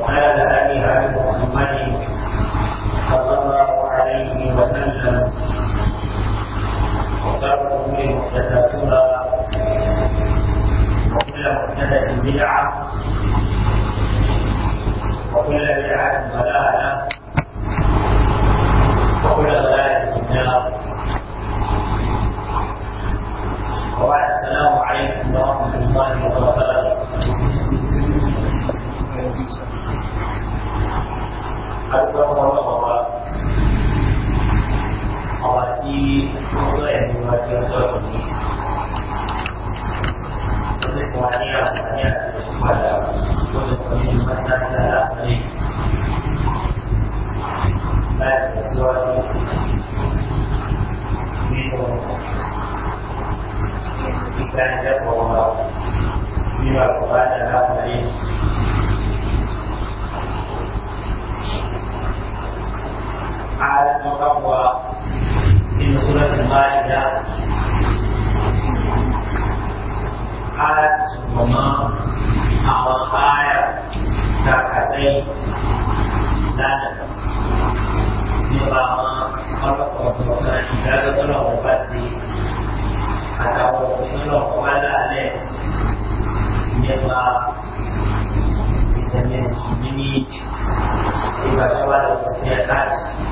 وعلى آلها محمد صلى الله عليه وسلم وشر الأمور محدثاتها وكل محدثة بدعة وكل بدعة ضلالة وكل ضلالة في وبعد السلام عليكم ورحمة الله وبركاته adúgbò ọmọ náà wá ọba tí ó sọ ẹ̀mí wá di ọjọ́ òní ó sì fún wa ní àǹfààní àti ìṣípadà lórí ọ̀nà ìmọ̀síláṣí aláàbẹ̀rẹ̀ láì tẹ̀síwájú nínú ìdánilẹ́kọ̀ọ́ wa nínú àkọ́bá aláàbẹ̀rẹ̀. حالة الربوة من سورة المائدة آية وما أو آية ركعتين لا نظام خلق ربنا إجابة له بس أتوقف له ولا عليه نظام بسم الله الرحمن الرحيم إذا شوال السياسات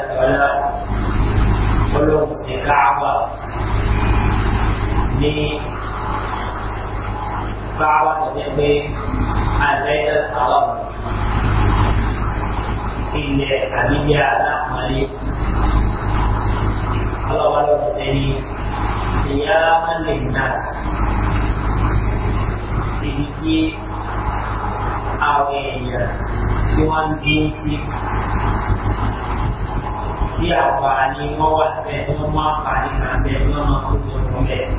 pada belum في الكعبة ni báwa tẹ̀lé pé àlẹ́yẹ àwọn ilẹ̀ àbíyá aláàmọ́lé ọlọ́wọ́ dia ń ṣe ní ìyá mọ́lẹ̀ tí àǹfààní wọn wà bẹ́ẹ̀ tí wọ́n máa ń fà nípa bẹ́ẹ̀ tí wọ́n máa ń kó tó bẹ́ẹ̀.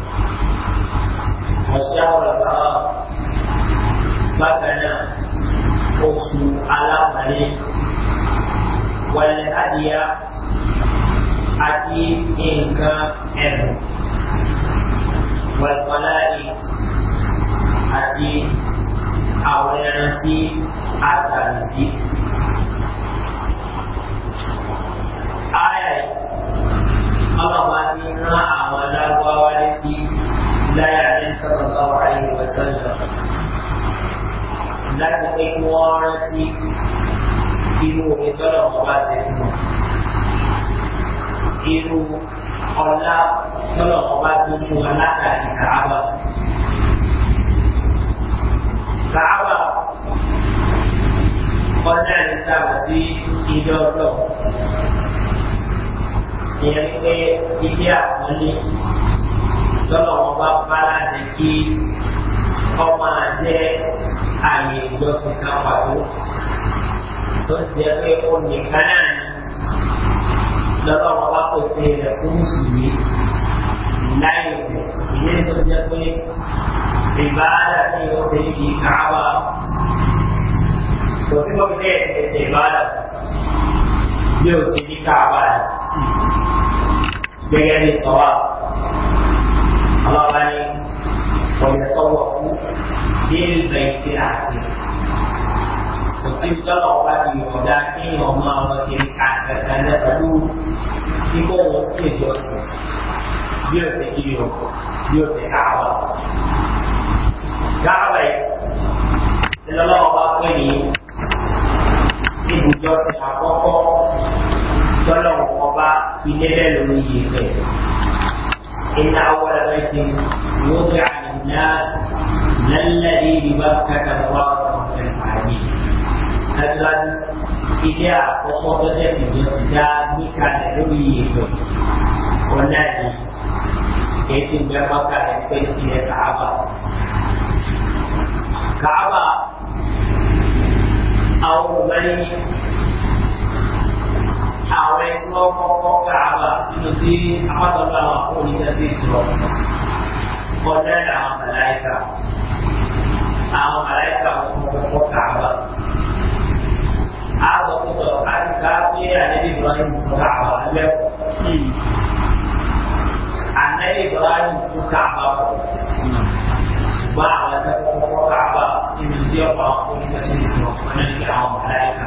ọ̀sẹ̀ àwọ̀lọ́wọ́ bákan náà oṣù alábàárẹ̀ wọlé adìyà àti nǹkan ẹ̀rù ọlọ́run bá ní rán àwọn alágbáwá létí láyà ní sọ́dọ̀tọ̀ ayé wẹ́sẹ̀lẹ̀ láti pé kí wọ́n rántí irú omi tọ́lọ̀ wọn bá ṣe fún wọn irú ọlá tọ́lọ̀ wọn bá gbé fún wọn látàrí kàába kàába ọ̀nà ìta àti ìdọ́dọ̀ ìyẹn ní pé ilé àpọ́nlé lọ́nà wọn bá bá láti kí ọmọ àjẹ́ àyè ìjọsìn kan pàtó tó ń jẹ́ pé ó nìkan náà ni lọ́nà wọn bá kò sí rẹ̀ fún mùsùlùmí láyé rẹ̀ ìyẹn tó jẹ́ pé ìbáradà ni ó ṣe kí káwá kò sí kọ́kí bẹ́ẹ̀ ṣe ìbáradà bí ó ṣe kí káwá rẹ̀ gẹ́gẹ́ bí sọ́wọ́ ọlọ́wọ́ ni ọ̀yẹ̀sọ́wọ́ kú ní ilẹ̀ ìtì àti kò sí lọ́wọ́ di ọ̀dà kí ọmọ àwọn kiri ká kẹta náà pẹ̀lú kíkọ́ wọn sí ìjọsìn bí ọ̀sẹ̀ kiri ọkọ̀ bí ọ̀sẹ̀ káwọ́. Dáhùn ẹ̀ ni lọ́wọ́ bá pè ní ibùjọ́sìn àkọ́kọ́. tọ́lọ̀ ọba ìlélẹ̀ lórí yìí rẹ̀. إن أول بيت وضع للناس للذي ببكة مباركا في العالمين. أجل إذا وصلت في جسدا مكان لوي يقول والنادي يتم بمكة يقول في الكعبة كعبة أو بني àwọn ẹni tí wọ́n kọ́kọ́ ká àbá nínú tí apátọ́lá àwọn àpò oníṣẹ́ sí ìjọ ọ̀dẹ́ àwọn màláìka àwọn màláìka wọn kọ́kọ́ ká àbá. a sọ pé sọ àdìgbà pé àlejò ìbọn ní kọ́kọ́ àbá lẹ́kọ̀ọ́. àlejò ìbọn ní kọ́kọ́ àbá kọ́. bá àwọn ẹgbẹ́ kọ́kọ́ ká àbá nínú tí ọ̀pọ̀ àwọn oníṣẹ́ ìjọ ọ̀nà àwọn màláìka.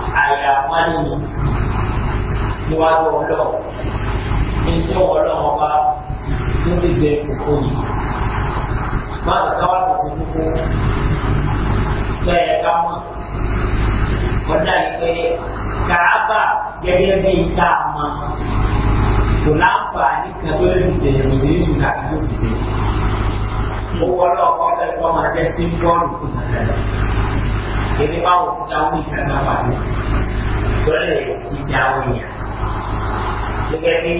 àyà wọn nìyí níwájú ọlọ́ ẹni ọlọ́wọ́ bá ló sì gbé kókó yìí má káwá kò sí kókó lẹ́yẹ ká mọ̀ ọ̀dà ìpè kàábà gẹ́gẹ́ bí ìta àmọ́ kò láǹfààní kan tó lè fìdè ìròyìn ìṣúná àti ló fìdè owó ọlọ́wọ́ ọlọ́wọ́ máa jẹ́ símbọ́ọ̀lù fún èmi bá wọ kúta wí kẹta wà ní lọ́lẹ̀ ìjà àwọn èèyàn gẹ́gẹ́ bí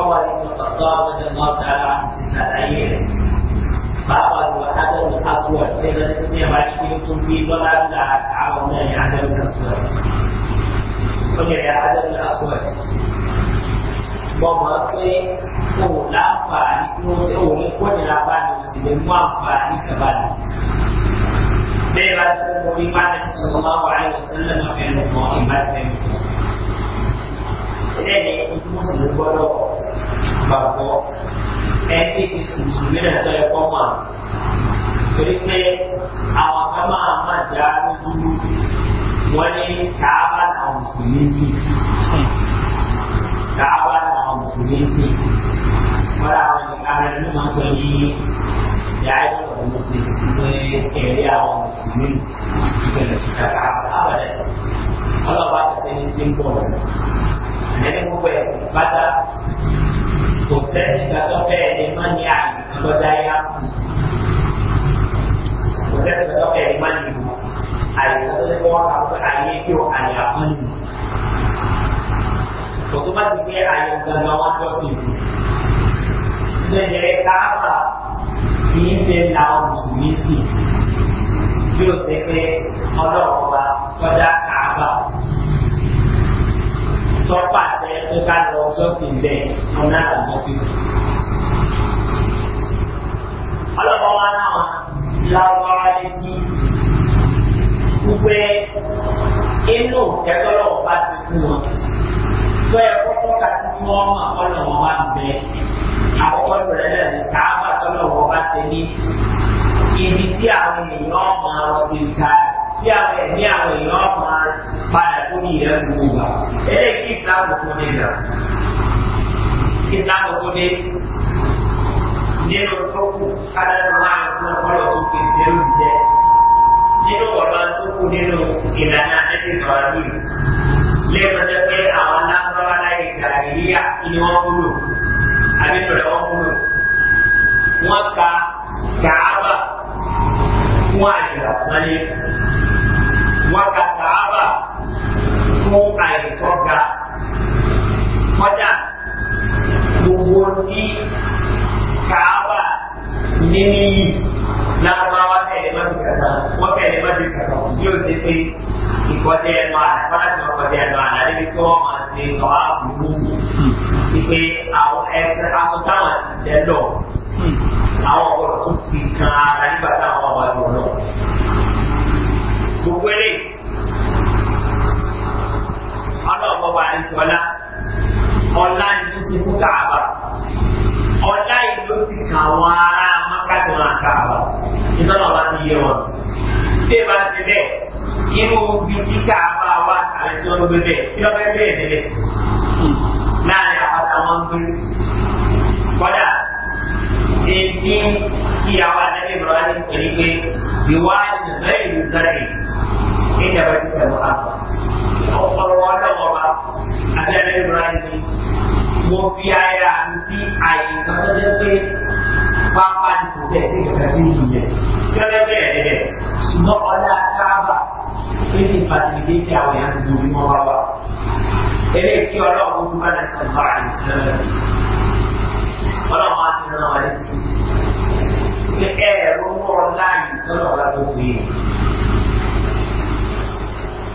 ọwọ́ nínú ọ̀tọ́ àwọn ọmọ ọ̀tá ti sàlàyé rẹ̀ báwa ni wọ́n adé wọn aṣọ ọ̀tẹ́ lọ́sẹ̀ ní ẹ̀rọ ayé tó ń gbé lọ́lá ńlá àwọn ọmọ ẹ̀yà adé wọn aṣọ ọ̀tẹ́ ó yẹ adé wọn aṣọ ọ̀tẹ́ mọ̀mọ́ pé o láǹfààní kí wọ́n ṣe o ní kọ́nìlá bá ní o sì lè mú àǹfààní kaba ní. bẹ́ẹ̀ bá ti fún orí bá ní sọ̀rọ̀ máa wà ní ìṣẹ̀lẹ̀ náà fẹ́ lọ mọ́ ìbá tẹ̀lé. sẹ́ni mùsùlùmí gbọ́dọ̀ gbàgbọ́ ẹni mùsùlùmí náà tọ́ ẹ̀kọ́ mọ́ torí pé àwọn kan máa máa dá lójú wọ́n ní kàábà náà mùsùlùmí jù kàábà náà. المجلسي ولا عن أهل العلم أنني داعية المسلمين وإعلاء المسلمين كما تتعب أبدا ولا بعد سنين lẹ́yìn gbogbo ẹ̀ pátá kò sẹ́ni gbàtọ́ bẹ́ẹ̀ ni má ní àyè lọ́dá yá kò sẹ́ni gbàtọ́ bẹ́ẹ̀ ni má ní ìlú àyè lọ́dá yá kó àsìkò tó bá ti pé àyè gbàgbà wọn jọ sí i. Ìjẹ̀jẹ̀rẹ̀ káàbà kì í ṣe làwọn mùsùlùmí sí bí ó ṣe pé ọlọ́run wa tọ́já káàbà tọ́pà tẹ pé ká lọ sọ́sìn bẹ́ẹ̀ ọ̀nà àgbọ̀sí. Ọlọ́run wa náà láwárá létí wípé inú ìtẹ́tọ́lọ́wọ́ bá ti fún wọn tó yẹ kó tọ́ka sí kí wọ́n mọ̀ ọ̀nà wọn bá bẹ. Àkọ́kọ́ ìbẹ̀rẹ̀ náà ní káàbà tọ́nà wọn bá ṣe ní ibi tí àwọn èèyàn máa lọ sí ìta tí àwọn ẹ̀mí àwọn èèyàn máa padà tó ní ìrẹ́ gbogbo wa. Eré kí ìsìláàmù tó dé nà. Ìsìláàmù tó dé nínú tó kù kájọ́sọ máa ń fún jàìlíyà ni wọ́n múlò àbí tọ̀dọ̀ wọ́n múlò. Wọ́n ka kàába fún àyíká wọlé. Wọ́n ka kàába fún àyíkọ́ ga. Kọ́dà gbogbo tí kàába ní níyì lárúbáwá tẹ̀lé mọ́tò kàtà wọ́n tẹ̀lé mọ́tò kàtà yóò ṣe pé ìkọ́jẹ́ ẹnu àná fọ́nàtì ọkọ̀jẹ́ ẹnu àná níbi tí wọ́n máa ṣe tọ́ àbúrú wípé àwọn ẹsẹ̀ aṣọ táwọn ti tẹ́ lọ àwọn ọ̀rọ̀ tó fi kan ara nígbà táwọn wà lọ lọ. gbogbo eré ọlọ́ọ̀bọ̀ wà ní tọ́lá ọ̀la ni ló ṣe fún káàbà ọ̀la yìí ló sì kàn wọ́n ara nítorí ọ̀la ti yé wọn sí bí ẹ bá ti bẹ́ẹ̀ inú bí kíkà bá wà àti tí wọ́n gbé bẹ́ẹ̀ kí wọ́n fẹ́ bẹ́ẹ̀ nílẹ̀ láàrin àpáta wọn gbé kọ́dà ètí ìyàwó àtẹ́lẹ̀ ìbúra ní pẹ̀lú pé ìwà ìgbẹ́ ìlú sẹ́rẹ̀ ní ìjọba ti pẹ̀lú àpá ọ̀pọ̀lọpọ̀ ọlọ́wọ́ bá àtẹ́lẹ̀ ìbúra mo fi ara mi sí àyè kan tó jẹ́ pé pápá ní kò tẹ̀ sí ìgbà tí gẹ́gẹ́ bẹ́ẹ̀ gẹ́gẹ́ ṣùgbọ́n ọ̀dà káàbà pé ní fàtìlìkéjì àwọn èèyàn ti dùn bí wọ́n bá wà. eléyìí kí ọlọ́run fún bá dàsí ọ̀gbà àìsílẹ̀ ọlọ́run á ti rán wa létí. pé ẹ̀rọ mọ́rọ̀ láàyè tọ́lọ̀ wá gbogbo yìí.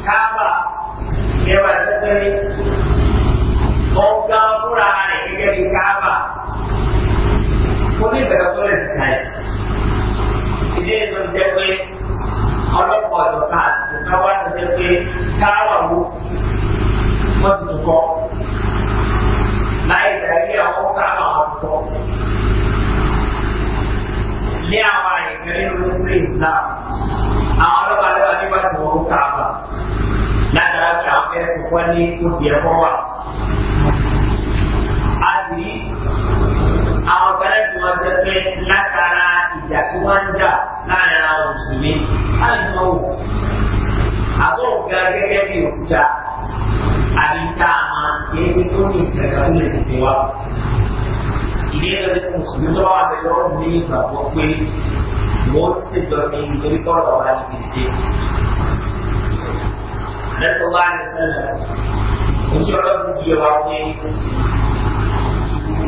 káàbà ó ti ẹ̀ kọ́ wà. a sì rí àwọn kan láti wọn jẹ pé látara ìjà tí wọ́n ń jà láàrin àwọn mùsùlùmí á lè mọ wò. àbúrò ga gẹ́gẹ́ bí òkúta àbí tá a máa kìí ṣe tó ní ìtẹ̀kẹ́ tó lè ṣe wá. ìdílé lórí mùsùlùmí tó wà bẹ̀ lọ́wọ́ ní ìgbàgbọ́ pé wọ́n ti ṣèjọba nítorí tọ́lọ̀ wá ní ìṣe. That's the line of ไม่ใช่ว่าคุณเกี่ยวกับคุณ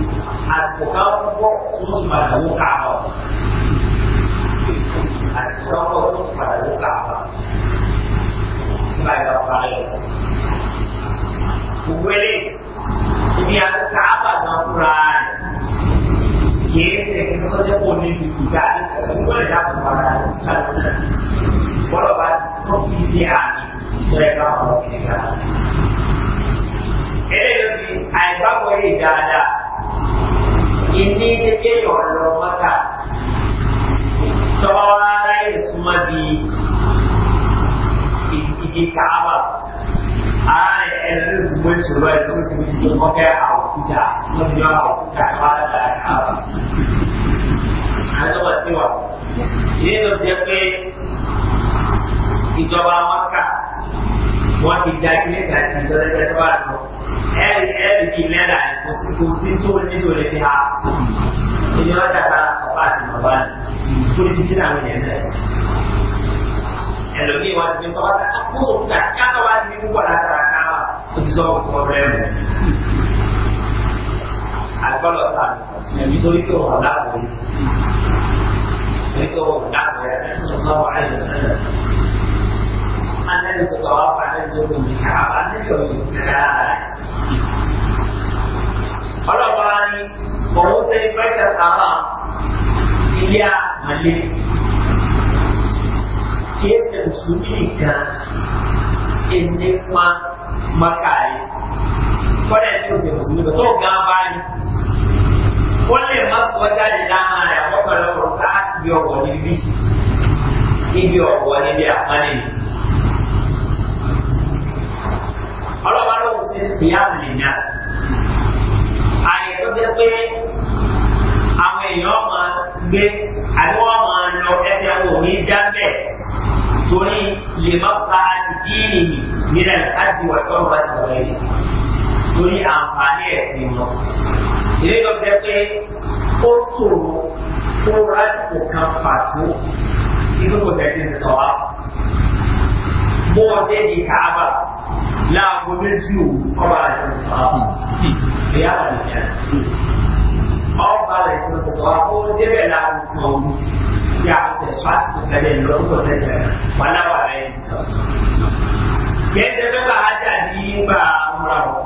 อาจจะก็ต้องมาดูกาวอาจจะก็ต้องมาดูกาเราไปต่อไปคุณเวลีที่มีอาการาบบนั้นร้ายยิ่งเด็กก็จะปนอยู่กับการคุณเวลีทำอะไรใช่ไหมเพราะว่าต้องมีที่อ่นเพื่อการเรียนกา eléyìí àìgbàgbọ́ yìí dáadáa ìní kékeré ọ̀rọ̀ mọ́ta tọ́wọ́ aráyè súnmọ́ di ìdí káàbà aráyè ẹni tó gbé sọ̀rọ̀ ẹ̀ tó ti di ọkẹ́ àwòkúta wọ́n ti yọ àwòkúta ìbáradà káàbà. àtọ́wọ́ sí wa ìdí tó jẹ́ pé ìjọba mọ́ta wọ́n ti da ilé ìgbà tí ìjọba ẹgbẹ́ tó bá lọ ẹ̀rí ẹ̀rí bíi mẹ́ta kò sí kò sí tó nítorí fi ha ìyẹn wọ́n dàgbà sọ̀rọ̀ àti bàbá ni tó ti ti àwọn èèyàn náà ẹlòmíì wọ́n ti fi sọ wọ́n ti kó sókè ká káká wá ní púpọ̀ látara káwà ó ti sọ òkú ọ̀rẹ́ rẹ̀ àgbọ̀lọ̀ sàmì ẹ̀mí torí kí òun ọ̀lá kò rí torí kí òun ọ̀lá kò rí annabi sallallahu alaihi wa sallam ka annabi wa sallam ọlọ́ba ni òun ṣe ìfẹ́sẹ̀ sára ilé àmàlẹ́ kí ẹ tẹ̀ mùsùlùmí nìkan ẹni pa mọ́kàlẹ́ kọ́dà tí ó tẹ̀ mùsùlùmí tó gan báyìí wọ́n lè má sọ jáde dáhà rẹ̀ ọ̀pọ̀lọpọ̀ ká ibi ọ̀wọ̀ níbí ibi ọ̀wọ̀ níbi àpáni nìkan. ọlọ́ba ló ń sin ìyáàmù nìyà àyè tó jẹ́ pé àwọn èèyàn máa gbé àbí wọ́n máa lọ ẹgbẹ́ àwọn òní já bẹ́ẹ̀ torí lè má fa àti díìnì nílẹ̀ láti wà tó wà tó wà torí àǹfààní ẹ̀sìn wọn. ilé yọ jẹ́ pé ó tòrò ó rásìkò kan pàtó inú kò tẹ̀sí mọ́ọ̀dé ní káàbà láàbò méjì ò ọba rẹ̀ tó sọ̀rọ̀ ìyá rẹ̀ ní ẹ̀sìn ọba rẹ̀ tó sọ̀rọ̀ kó débẹ̀ láàbò kan ọ̀hún tí a tẹ̀ sọ́ọ̀tì tó fẹ́lẹ̀ lọ́sọ̀ tẹ̀lẹ̀ wà láwà rẹ̀ ní sọ̀rọ̀. kẹ́sẹ̀ bẹ́ẹ̀ bá a jà ní bá múra wọ̀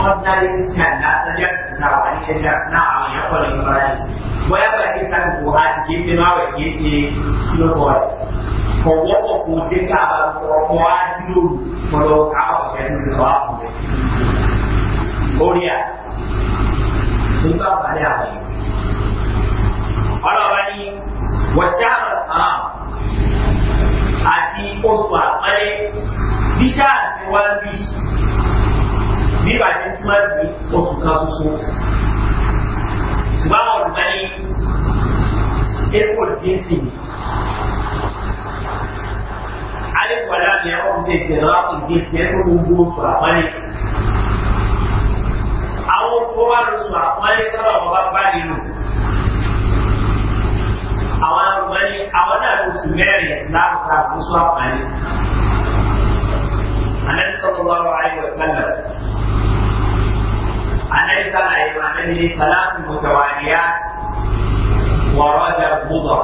ordinary man na sajar su ta wani shari'a na awon ya kwallon barani waya ba ce ta su ha ke fi ma wa ke ce snowball ko wọ́pọ̀ kò dé ká bá ọkọ̀ wá dúró kọlọ káwọ̀ ṣẹ́nu ní wàá kù rẹ̀. Orí à, nígbà wàlẹ̀ àwọn yìí. Ọlọ́ba ní wọ̀ṣáàrọ̀ kan àti oṣù àpẹẹrẹ bíṣáà ti wá bí nígbà tí tí máa di oṣù kan tuntun ṣùgbọ́n àwọn olùkọ́ ní airport dín sí ni alẹ́kọ̀ọ́ aláàbẹ̀ àwọn ọmọdé ìṣẹ̀lẹ̀ wà fún dín sí ẹ̀kọ́ gbogbo oṣù àpọ́nlé àwọn oṣù wa lóṣù àpọ́nlé sábà wọn bá bá nínú àwọn ọmọ ní àwọn náà lóṣù mẹ́rin láàrúkà lóṣù àpọ́nlé. Àlẹ́ sọ̀rọ̀ wà wáyé wọ̀ sálẹ̀. النبي صلى الله عليه ثلاث متواليات ورد مضر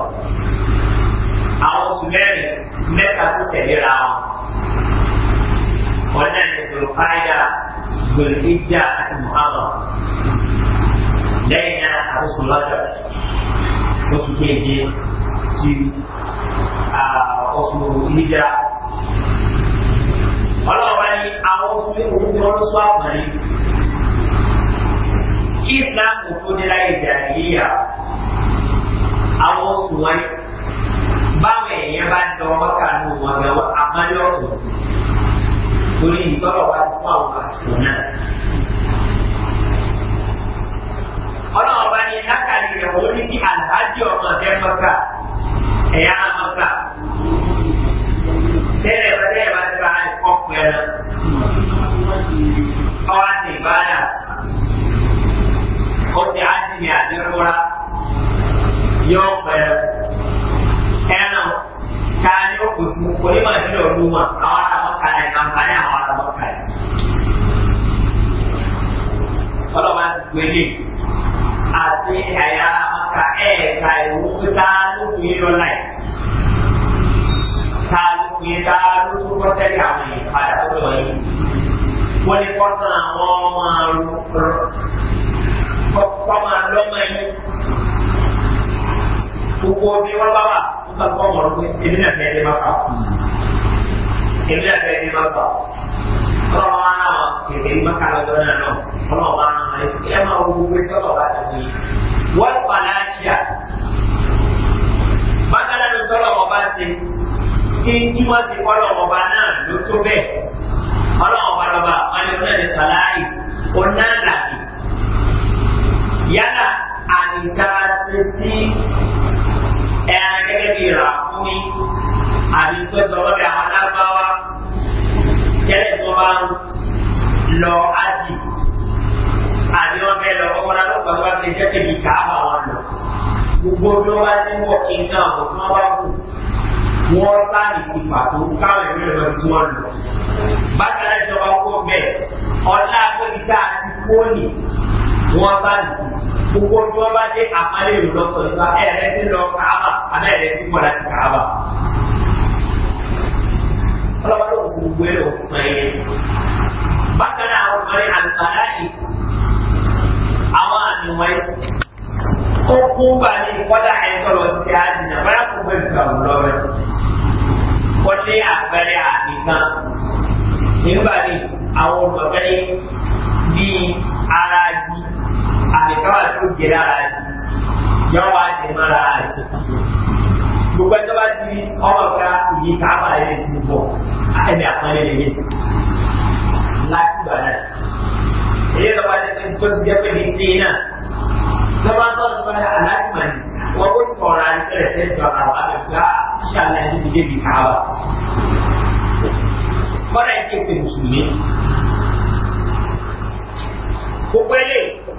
أو سلالة متى تتجرى wannan da zulqaida zulhijja a cikin muharram dai na a wasu lada ko suke je ci a wasu hijira wala wani a wasu ne ko su wani su amari kí islam tó dé láyé jàdìyà àwọn oṣù wọn báwọn èèyàn bá lọ mọ́ta ní wọn gan wọn amálọ́ọ̀kù torí ìtọ́rọ̀ wá fún àwọn àsìkò náà. ọlọ́run bá ní lákàlì rẹ̀ wọ́n ní kí alhaji ọmọ ọ̀dẹ́ mọ́ta ẹ̀yà mọ́ta tẹ́lẹ̀ bá tẹ́lẹ̀ bá tẹ́lẹ̀ bá ọkùnrin náà ọwọ́ àti ìbára ó ti á ti ní àdéhùrà yóò pẹ́ ẹran ká ní òkú fún onímọ̀ sí òru mọ̀ àwọn àtàmọ́ka ní àǹfààní àwọn àtàmọ́ka yìí. ọlọ́wà ti gbélé àti àyà àmọ́ka ẹ̀ẹ̀ka ìwú pípa lókun yìí lọ́la yìí. Ta ló fi ta ló tó kọ́ sẹ́yìn àwọn èèyàn padà sọ́dọ̀ yìí? Wọ́n ní kọ́sán àwọn ọmọ gbogbo bí wọ́n bá wà wọ́n bá gbọ́ ọ̀rọ̀ pé èmi náà fẹ́ẹ́ dé má fà èmi náà fẹ́ẹ́ dé má fà ọlọ́wọ́ wa náà wọ kèké má kà lọ́jọ́ náà náà ọlọ́wọ́ wa náà wọ ẹ máa wo gbogbo ẹjọ́ bọ̀ wá tẹ̀sí yìí wọ́n fà láàyè bákàlà ló tọ́lọ̀ wọn bá ti tí tí wọ́n ti kọ́ lọ́wọ́ bá náà ló tó bẹ́ẹ̀ ọlọ́wọ́ bá lọ́ba wọn ni yálà àdìgbà títí ẹran gẹ́gẹ́ bí ra fún mi àbí tó tọwọ́ bí àwọn alágbáwá tẹ́lẹ̀ tó bá ń lọ ájì àbí wọ́n fẹ́ lọ ọmọ alágbàgbà wá fi jẹ́kẹ̀ bí káàbà wọn lọ. Gbogbo bí wọ́n bá ti ń wọ̀ kí nǹkan àwọn tí wọ́n bá kù wọ́n sáàlì ti pàtó káwọn ìwé lọ tí wọ́n lọ. Bákan náà ìjọba kó bẹ́ẹ̀ ọ̀la agbẹ́bí tá a ti kó nì wọn bá gbogbo tí wọn bá dé àpálẹ̀ ìlú lọ́sọ̀ nípa ẹ̀rẹ́ ti lọ kàába àbẹ́ ẹ̀rẹ́ ti pọ̀ láti kàába. ọlọ́pàá ló kò sí gbogbo ẹ̀rọ òkúta yẹn. bákan náà àwọn ọmọdé àlùfáà yìí àwọn àmì wáyé ó kú bá ní kọ́dà ẹ̀tọ́ lọ sí àdìyàn báyà kó bẹ́ẹ̀ fi àwọn lọ́rẹ́. wọ́n lé àpẹẹrẹ àmì kan nígbà míì àwọn olùgbàgbẹ́ yìí ara yìí àlìkáwà tó gèrè ara rẹ̀ yọ wá dé mọ́ra rẹ̀ gbogbo ẹjọ́ bá ti ọmọ ká ìyí káàbà rẹ̀ ti bọ̀ ẹni àpọ́nlé lè yé láti gbà náà èyí lọ bá tẹ̀sí tó ti jẹ́ pé ní sí iná lọ́wọ́ tó ń sọ́dọ̀ aláàtìmọ̀ ni wọ́n bó ti kọ̀ọ̀rọ̀ àti tẹ̀lẹ̀ tẹ̀sí ọ̀rọ̀ àwọn àgbẹ̀ fún ṣé àlẹ́ ẹni ti débi káàbà. kọ́dà ìkéèké mùsùlùmí gbogbo eléyìí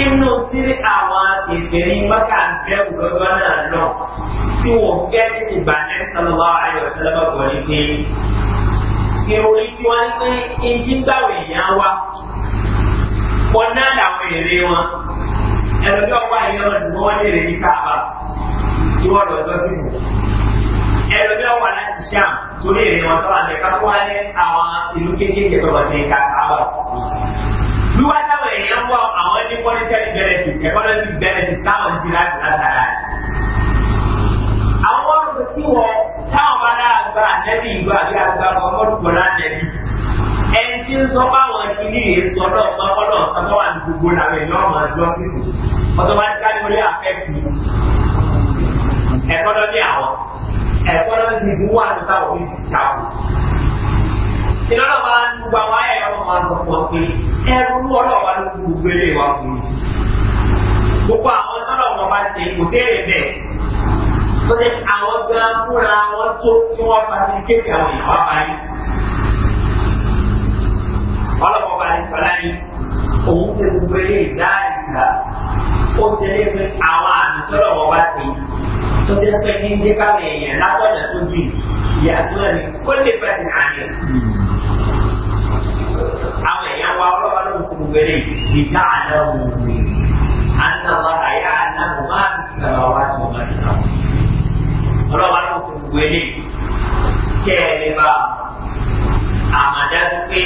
inú tí àwọn ìgbèrín mọ́kà ń bẹ̀rù lọ́jọ́ náà lọ tí wọ́n gẹ́ ní ìbànẹ́ sọlọ́wọ́ ayọ̀ tẹ́lẹ̀bọ̀gbọ̀ ni pé ìròyìn tí wọ́n ní pé ìjì gbàwé èèyàn wá wọn náà làwọn èrè wọn ẹlòmíọ́ wà ní ọ̀nà tí wọ́n lè rèé káàbà tí wọ́n lọ jọ sí ìlú ẹlòmíọ́ wà láti sàm torí èrè wọn tó wà ní ká àwọn ìlú kéékèèké tó wà ní káàbà wíwá táwọn èèyàn wọ àwọn ní monetary benefit economic benefit táwọn ti láti látara rẹ̀. àwọn ọ̀rọ̀ tí wọ́n táwọn bá dára gba àtẹ́bí ìgbà àbí àgbà ọmọdúnkọ látẹ̀bí. ẹni tí ń sọ báwọn ti ní èso náà mọ́kànlá ọ̀sán tó wà ní gbogbo làwọn èèyàn ọmọ ọjọ́ sí kù. automatically wọlé àfẹ́kì ẹ̀kọ́ lọ́dí àwọn ẹ̀kọ́ lọ́dí ti wà ní táwọn ìlọ́lọ́ máa ń gbogbo àwọn ayé ẹ̀rọ máa sọ fún ọ pé ẹrú ọlọ́wà ló kú gbogbo ilé wa fún mi. gbogbo àwọn tọ́lọ̀ wọn bá ṣe kò déèrè bẹ́ẹ̀ tó ní àwọn gan fúnra wọn tó kí wọ́n fasilikéètì àwọn ìyàwó abáyé. ọlọ́wọ́ bá ní sọlá yìí òun ṣe gbogbo ilé ìdáàdìgbà ó ṣe lé pé àwọn àmì tọ́lọ̀ wọn bá ṣe tó jẹ́ pé ní jẹ́ káwọn èèyàn látọ̀dọ̀ tó jù ìyàtọ̀ ni kó lè fẹ́ wa ọlọ́ba ló ń kúrò wẹ́rẹ́ ìjà àná òwe àtàwọn àyà àná òmá ìsàlọ̀ wa tó máa ń tàn. ọlọ́ba ló ń kúrò wẹ́rẹ́ kẹ́ ẹ lè bá àmàdájú pé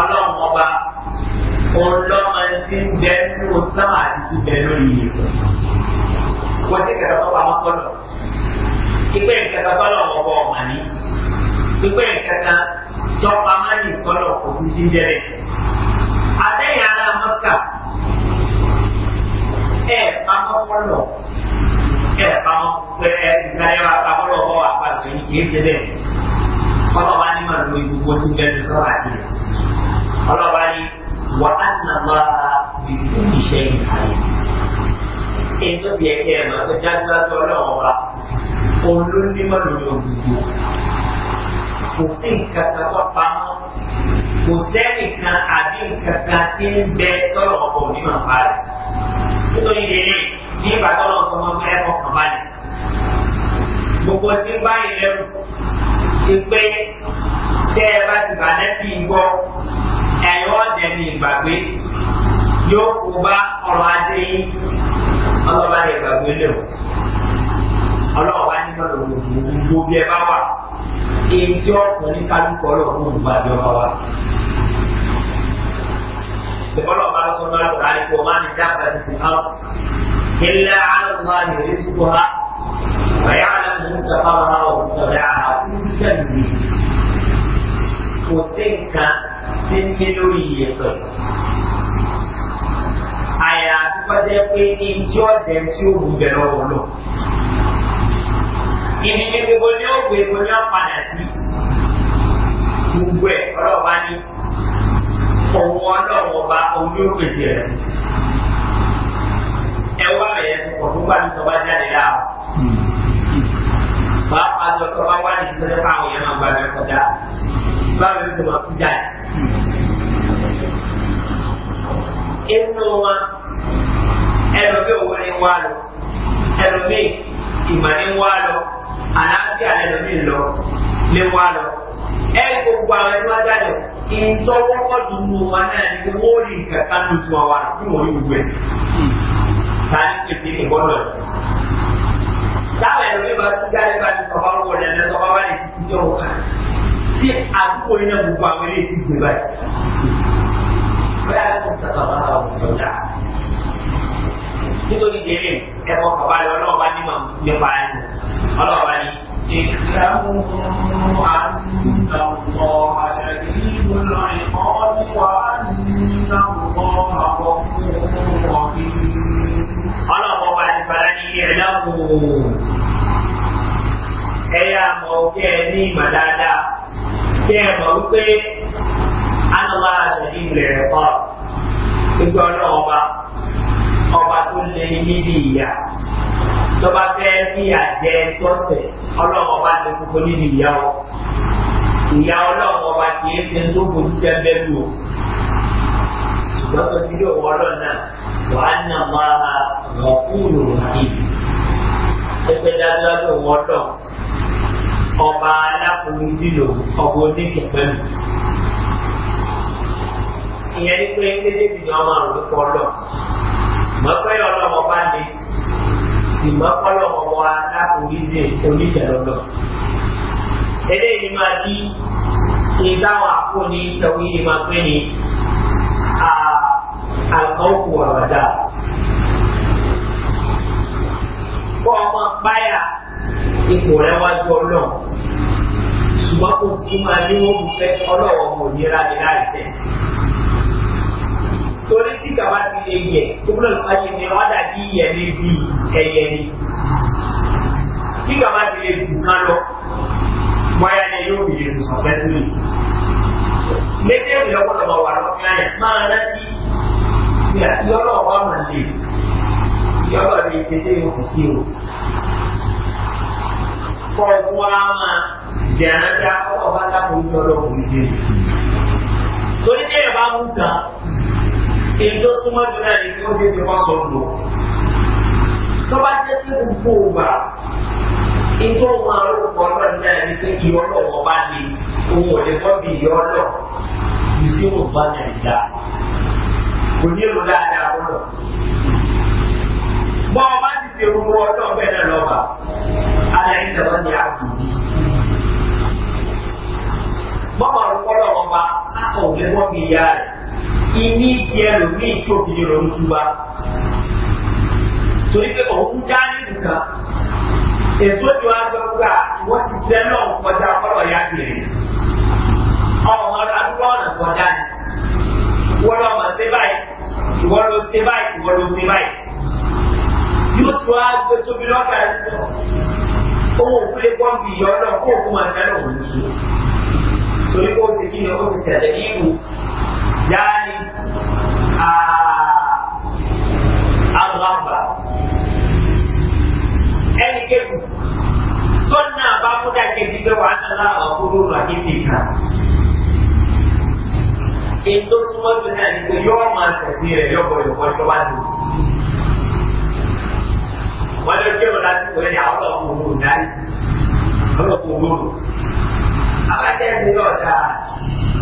ọlọ́run ọba ọlọ́mọ ti ń bẹ nínú sáà àti pípẹ́ ìkẹta tọ́pa máa ní ìsọ́lọ̀ òfin jíjẹ́ rẹ̀. Adẹ́yìn ara mọ́kà ẹ̀ pamọ́ kọ́lọ̀ ẹ̀ pamọ́ pẹ́ ìdáyẹ̀ wa pamọ́lọ̀ bọ́ wà pa ìgbẹ́ni kìí ṣe bẹ́ẹ̀. Ọlọ́ba ní màá lo ìgbogbo tí bẹ́ẹ̀ sọ́wọ́ àti rẹ̀. Ọlọ́ba ní wà á nà máa fi fún iṣẹ́ ìhàlẹ̀. Èyí tó fi ẹ̀kẹ́ ẹ̀ máa fẹ́ dájú ọlọ́wọ́ wa. Òun ló ní kò sí nǹkan kan tó pamọ́ kò sẹ́nìkan àbí nǹkan kan tí ń bẹ tọ́lọ̀ ọkọ̀ onímọ̀ pa rẹ̀ nítorí ìdílé ní ìgbà tọ́lọ̀ ọkọ̀ ọmọ fẹ́ fọkàn balẹ̀ gbogbo tí ń báyìí lẹ́rù ti pé tẹ́ ẹ bá ti bà lẹ́sìn ìgbọ́ ẹ̀yọ́ ọ̀jẹ̀ ní ìgbàgbé yóò kó bá ọrọ̀ ajé yìí ọlọ́ba lè gbàgbé lẹ́wọ̀ ọlọ́wọ́ wá ní kọ́lọ̀ òjì gbogbo bí ẹ bá wà èyí tí ọkùnrin ní kálukú ọlọ́wọ́ òjì bá jọ bá wà. Ìfọlọ́ bá sọ máa lọ láì kó máa ní dábàá ti fi hàn. Ilé alùpùpù ni èyí tó ha. Bàyá alùpùpù ń sọ fáwọn àwọn òṣìṣẹ́ àhà kúrúkẹ́ lùmí. Kò sí nǹkan tí ń gbé lórí iye pẹ̀lú àyà àti pé ní tí ọ̀dẹ̀ tí ó ìdílé gbogbo ní ó gbé gbogbo ní ọ̀padà sí gbogbo ẹ̀ ọlọ́wà ní òun ọlọ́wọ́ bá òun yóò pèsè rẹ̀ ẹ wá rẹ̀ ẹ̀kọ́ tó gbà ní sọ́ba jáde láàrú bá a lọ sọ́ba wá ní ìṣẹ́lẹ̀ fáwọn èèyàn máa gbàgbé kọjá báwo ló ti máa fi jáde. inú wa ẹlòmíì òun ni wá lò ẹlòmíì ìmọ̀ ní wá lọ àlàáfíà lẹ́lọ́mí lọ ní wá lọ. ẹ gbogbo àwọn ẹni wá jáde ìtọ́wọ́kọ́ dùnú wọn náà ní owó rí nǹkan kánú tí wọn wà fún òun ìwú ẹ̀. táyà ń pèsè ní gbọ́dọ̀ yìí. táwọn ẹlòmí bá tún jáde bá ti sọ̀rọ̀ wọ̀ lẹ́nu sọ̀rọ̀ wá lè ti jẹ́ òkà. tí àdúgbò yìí náà gbogbo àwọn ilé ti gbé báyìí. bẹ́ẹ̀ ni mo sọ̀rọ̀ nítorí délé ẹ̀kọ́ kọ̀ọ̀bá rẹ̀ ọlọ́ọ̀bá ní màmú nípa ẹ̀ ọlọ́ọ̀bá ní. ìgbàmù àtúntà ọ̀ àṣàkì ìgbóná ẹ̀kọ́ wà nínú àwọn ọkọ̀ ọ̀gbìn. ọlọ́ọ̀bọ̀ bá ti bàrá ní ẹ̀dáwò ẹ̀yà mọ̀ kẹ́ ẹ ní ìmọ̀ dáadáa kẹ́ ẹ mọ̀ wípé alọ́wọ́ àṣàkì ìgbìlẹ̀ ẹ̀kọ́ ìgbọ́n náà ọba ọba tó lé níbi ìyá tọba fẹ́ kí àjẹ tọ́sẹ̀ ọlọ́wọ́ bá lè kókó níbi ìyá ọ ìyá ọlọ́wọ́ bá kì í ṣe tó fojú tẹ́lẹ̀ lù ọ ṣùgbọ́n tó ti lé òwò ọlọ́run náà wàá nà máa rọ̀kúrò yìí pẹpẹ dáadáa ló wọ ọlọ́run ọba alákòóyí lò ọba oníkẹ̀kẹ́ lò ìyẹn ní pé kéde bìí ọmọ àrùn kọ́ ọlọ́run mọ̀ pé ọlọ́mọ bá ní sì mọ̀ kọ́lọ́mọ wa lákòóyè oníjẹ̀lọ́lọ́. eléyìí ni máa di ìdáhùn àpò ní ìtọ́wé ni máa pé ní àkọ́kù àwàdà. kọ́ ọmọ báyà ipò rẹ wájú ọlọ́run ṣùgbọ́n kò sí máa ní wọ́n fẹ́ ọlọ́wọ́ mọ̀ nira ní láìpẹ́ torí tí kaba ti lè yẹ kúrò ayé ni wọn dàbí yẹlé bí ẹyẹ ni tí kaba ti lè dùn kan lọ wáyà ni yóò yẹ sọfẹ tó yẹ méjèèjì lọ́kọ̀tọ̀ bá wà lọ́kọ̀ ayà máa rántí yọlọ́ wa mà lè yọlọ́ lè tètè yóò fi sí o kọ̀ọ̀kú wa máa jẹ́ àná kí akọ́kọ̀ bá dákòó jọlọ́ òun jẹ́ torí tí bá mú kan ètò súnmọ́ jù náà ni wọ́n ṣe ti wọ́n sọ lò. tó bá jẹ́ pé gbogbo ògbà ètò ohun àrùkọ náà náà ni pé ìyọ́ náà wọ́n bá lè ohun ò lè kọ́ bí ìyọ́ náà kì sí òun bá náà dá. kò ní èrò dáadáa wọn lọ. bọ́ ọ bá ti ṣe ohun ọlọ́ọ̀ bẹ́ẹ̀ náà lọ́ba alẹ́ ìtẹ̀wọ́n ni a kù bí. bọ́ọ̀ bá a kò lè wọ́n ìní tiẹ̀ lòmíì tí ò fi lè ronú túbá torí pé òun já nìkan èso ju agbẹ́gbà wọ́n ti sẹ́ náà kọjá ọ̀rọ̀ ya bèrè ọmọ adúgbò ọ̀nà kọjá ni wọ́n lọ mọ̀ sí báyìí ìwọ́n ló sí báyìí ìwọ́n ló sí báyìí yóò tún agbẹ́ tóbi lọ́kà ẹ̀ sọ owó òkúlé pọ́ǹpì ìyọ́ náà kó òkú máa sẹ́nu òun sí torí pé ó ti kí ni ó ti tẹ̀lé ní ìlú jari a araba ẹni kejì sọ́nà bá kúta kejì pé wàá nana ọkùnrin rà níbi kan ètò súnmọ́ tó náà ni pé yọ́ọ́ máa tẹ̀sí rẹ̀ yọ́bọ̀ yọ̀bọ̀ tó bá dùn. wọ́n lè kí ọ̀la sí pé àwọn ọ̀pọ̀ òwúrò dárí ọ̀pọ̀ òwúrò abatẹ́ni náà dáa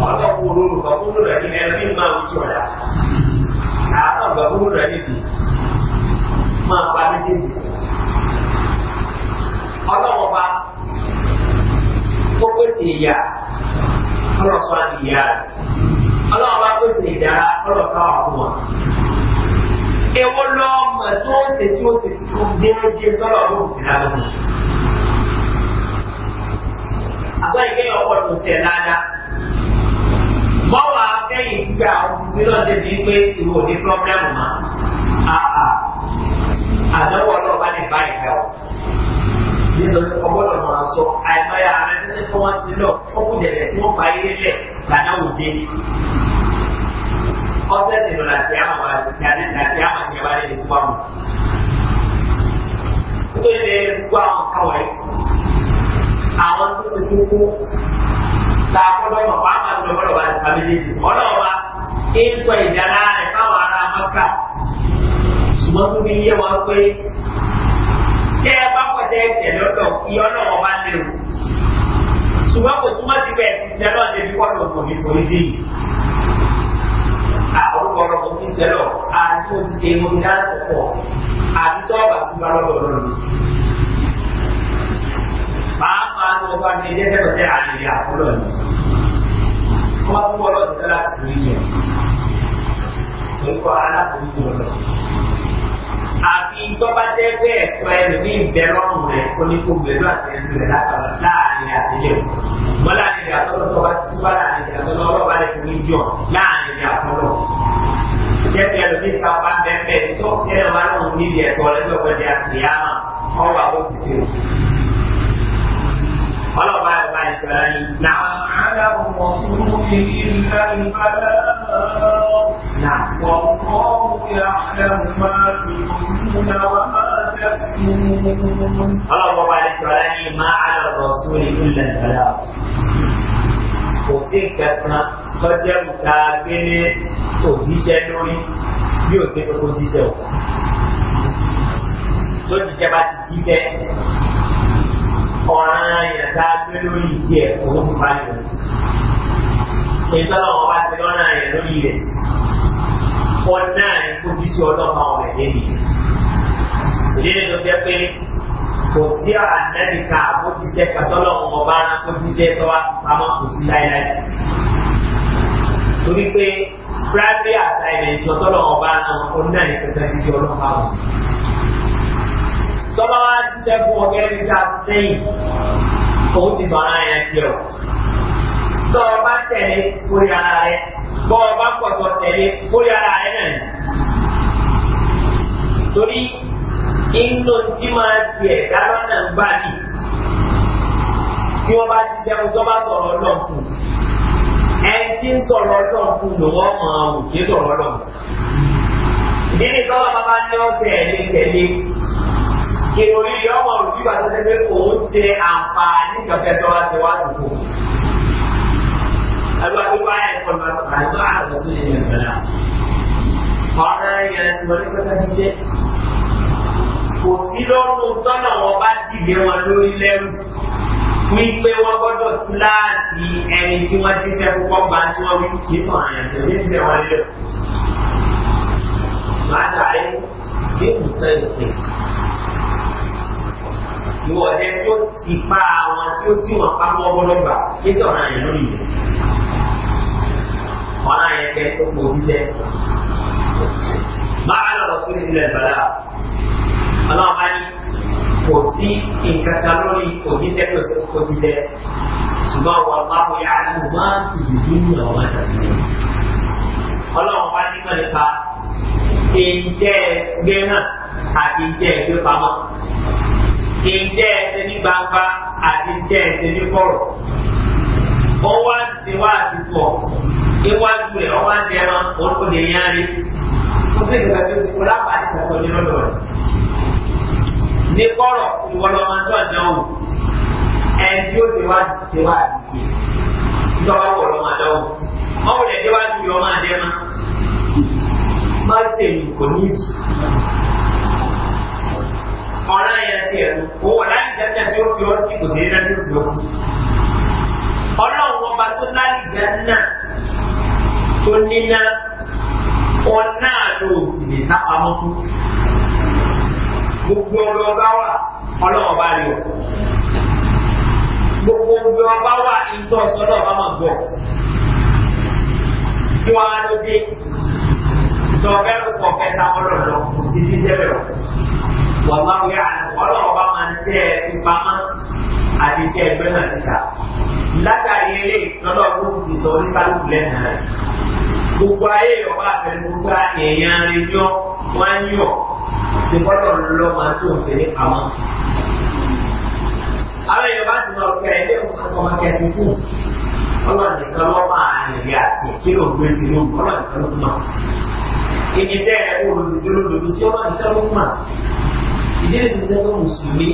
ọlọ́wọ́ olóòrùn gbàgbóhùn rẹ̀ ní ẹlẹ́mí máa ń jọ dáa àárọ̀ gbàgbóhùn rẹ̀ níbi máa bá méjèèjì ọlọ́wọ́ bá kókó sí ìyá ọlọ́sọ àdìyá ọlọ́wọ́ bá kókó sí ìdá ọlọ́sọ àwọn ewo lọ́ọ̀mọ̀ tí ó ṣe tí ó ṣe tó déédéé tọ́lọ̀ ọ̀hún sí lábẹ́ àgbáyé kéèyàn gbọdọ̀ tẹ̀ dáadáa. bọ́wà kẹ́yìn ti gba àwọn ti lọ débi pé ìwò ní pírọ́blẹ́mù mọ́ àdánwò ọlọ́ọ̀bá lè bá ìgbà ọ̀ nítorí ọgbọ́dọ̀ máa sọ àìmọye ààrẹ tẹ́lẹ̀ tí wọ́n ti lọ fọ́kù dẹ̀dẹ̀ tí wọ́n fa ilé lẹ̀ làdáwò dé. ọ̀sẹ̀ ti lọ láti àwọn àti láti àwọn àti ẹ̀wá lè ti wá wọn. nítorí gbogbo àwọn káwọn yìí àwọn tó ti kókó làkọ́dọ̀ ọmọ pàápàá tó lọ́wọ́ wa nípa méjèèjì ọlọ́wọ́ èso ìdára rẹ̀ fáwọn ará mọ́kà ṣùgbọ́n tó fi yé wọn pé kẹ́ ẹ bá kọjá ẹsẹ̀ lọ́dọ̀ kí ọlọ́wọ́ bá lè wò ṣùgbọ́n kò túmọ̀ sí bẹ́ẹ̀ ti tẹ́lọ̀ ní ibi kọ́ lọ́wọ́ mi kò ní dé yìí. àkọ́kọ́ ọ̀rọ̀ kò ní tẹ́lọ̀ àti òṣìṣẹ́ ìmọ̀ ìdáná pàápàá tó o bá ní ilé ẹ̀rọ tẹ àlèrè àkúrò ni wọ́n á púpọ̀ lọ́sẹ̀ tẹ́lá ti kúrò yẹn orúkọ alákòóso lọ. àfi tọ́ba jẹ́ pé ẹ̀tọ́ ẹlòmí ìbẹ̀rọ̀rùn rẹ̀ kó ní kó gbẹ̀lú àtẹ̀sí rẹ̀ láàrin àtẹ̀lẹ̀ o. wọ́n láàrin ìyàtọ̀lọ́ tọ́ba tí wọ́n láàrin ìyàtọ̀lọ́ ọlọ́ba rẹ̀ fún ìjọ láàrin ìyàtọ̀lọ́. jẹ́pẹ̀ ẹlòmí ìsapá bẹ́ẹ̀ tó kẹ́lẹ́ wọn lóhun níbi ẹ̀tọ́ rẹ̀ lọ́gbọ̀dẹ̀ àtìyámà ọ̀rọ̀ àwọn òṣìṣẹ́ ọlọ́ọ̀bá ẹ̀bá ìṣẹ̀lá ni náà. àdáwọ̀ mọ̀ sí omi ìlà ìbára náà wọ̀ kọ́ òwe àdáwọ̀ máa dùn náà wà máa tẹ̀kùn. ọlọ́ọ̀bá ìṣẹ̀lá ni máa àlọ́ sórí ìlà ìbára. kò sí ìkẹta tọ́jẹ́ òkà gbélé òjíṣẹ́ lórí bí òṣèlú kò jíṣẹ́ o. tó jíṣẹ́ bá ti jíṣẹ́ ọ̀ràn yẹn tá a gbé lórí ìdí ẹ̀ òun ti bá yẹn. ìtọ́lọ̀ wọn bá ti lọ́nà yẹn lórí rẹ̀. wọn náà ní kó fi ṣe ọlọ́pàá ọ̀rẹ́ débi. ìdí ni tó jẹ́ pé kò sí ànẹ́bí ká bó ti jẹ́ kàtọ́lọ̀ wọn bá rán kó ti jẹ́ tọ́wá pamọ́ kò sí láéláé. torí pé primary assignment ọtọ́lọ̀ wọn bá rán wọn náà ní kó tẹ́ fi ọlọ́pàá wọn. tọ́lá sẹ́kùn ọ̀gẹ́rẹ́ níta sẹ́yìn òun ti sọ ara yẹn tiẹ̀ o. tọ́ ọ bá tẹ̀lé kórè ara rẹ bọ́ ọ bá pọ̀tọ̀ tẹ̀lé kórè ara rẹ náà ni. torí inú tí máa tiẹ̀ dáná náà ń bá mi tí wọ́n bá ti dẹ́kun tó bá sọ̀rọ̀ ọlọ́run fún ẹni tí ń sọ̀rọ̀ ọlọ́run fún lòun ọmọ àwọn òkè sọ̀rọ̀ ọlọ́run. ìdí nìkan bàbá ní ọ̀fẹ́ ẹ̀ lé tẹ̀lé ìròyìn yìí ọmọ òbí wa tẹ́tẹ́ pé òun ṣe àǹfààní kẹfẹ́ tó wá ṣe wá lòkù. Àgbà tó bá ẹ̀kọ́ lọ àgbà àgbà sí ìyẹn gbẹ̀lá. Ọ̀rẹ́ yẹn ti wọlé pẹ́sẹ́ ṣiṣẹ́. Kò sí lọ́rùn tọ́nà wọn bá dìde wọn lórí lẹ́rù. Wípé wọ́n gbọ́dọ̀ tú láàbì ẹni tí wọ́n ti fẹ́ púpọ̀ gbà tí wọ́n wí kì í sàn àyànjẹ́ ní ìbẹ̀ wọn lé. Màá ṣàlàyé bí ìsẹ́yìn ìwọ ẹ tí ó ti pa àwọn tí ó tí wọn pa mọ́ ọgbọ́dọ̀ gbà nítorí ọ̀ràn yẹn lórí yẹn ọ̀ràn yẹn kẹ́ ó kò jíjẹ. máa ń lọ sí ilẹ̀ ìbàdà ọlọ́run bá ní kò sí nǹkan kan lórí kò jíjẹ kò jíjẹ ṣùgbọ́n wọn bá wọ yàrá ló máa ń tìjú nínú àwọn àtàkùn yẹn. ọlọ́run bá nígbà nípa ìjẹ́ ẹgbẹ́ náà àti ìjẹ́ ẹgbẹ́ pamọ́. ìtẹ́ ẹsẹ̀ ní gbangba àti ìtẹ́ ẹsẹ̀ kọ̀rọ̀. ó wá ti wá àdìpọ̀ iwájú rẹ̀ ó wá ń dẹ́mọ orúkọ lè yán rí. ó sì gbà pé kò lápàdé kankan ní lọ́dọ̀ rẹ̀. ní kọ̀rọ̀ ìwọlọ́mọtò àdánwò ẹni tí ó ti wá ti wá àdìpọ̀ ìjọba wọ̀ yọ ọ̀ràn yẹn ti ẹ̀rù ó wà láti jẹ́jẹ́ tí ó fi ọ́ sí kò sí rẹ́ tí ó fi ọ́ sí. ọlọ́run ọba tó láti jẹ́ náà tó níná ọ̀nà ló sì lè sápamọ́ fún. gbogbo ọ̀rọ̀ ọba wà ọlọ́run ọba rí ọ. gbogbo ọ̀rọ̀ ọba wà ìtọ́ sọ́dọ̀ ọba máa gbọ́. kí wàá ló dé sọ fẹ́ràn kọ̀ọ̀kẹ́ta ọlọ́run lọ kò sí sí tẹ́lẹ̀ lọ wà máa wí àná ọlọ́wọ́ bá máa ń tẹ́ ẹ fi pamọ́ àti tẹ́ ẹgbẹ́ náà síta látàrí eré lọ́lọ́gbọ́n ti sọ oníkálukú lẹ́nu rẹ̀ gbogbo ayé ọba àfẹnugbá èèyàn arẹjọ wọn á yọ ti gbọdọ lọ máa tó ń tẹlé pamọ. àwọn èèyàn bá ti lọ kẹ ẹgbẹ́ ọmọ kẹsì fún ọlọ́run nìkan lọ́ máa rìnrìn àti kí ló gbé sí ló ọlọ́run nìkan ló mọ̀. ibi tẹ́ ẹ kó olùdíjọ́ lòdì sí ọlọ́run nìkan ló mọ̀ ìdílé ti jẹ́ pé mùsùlùmí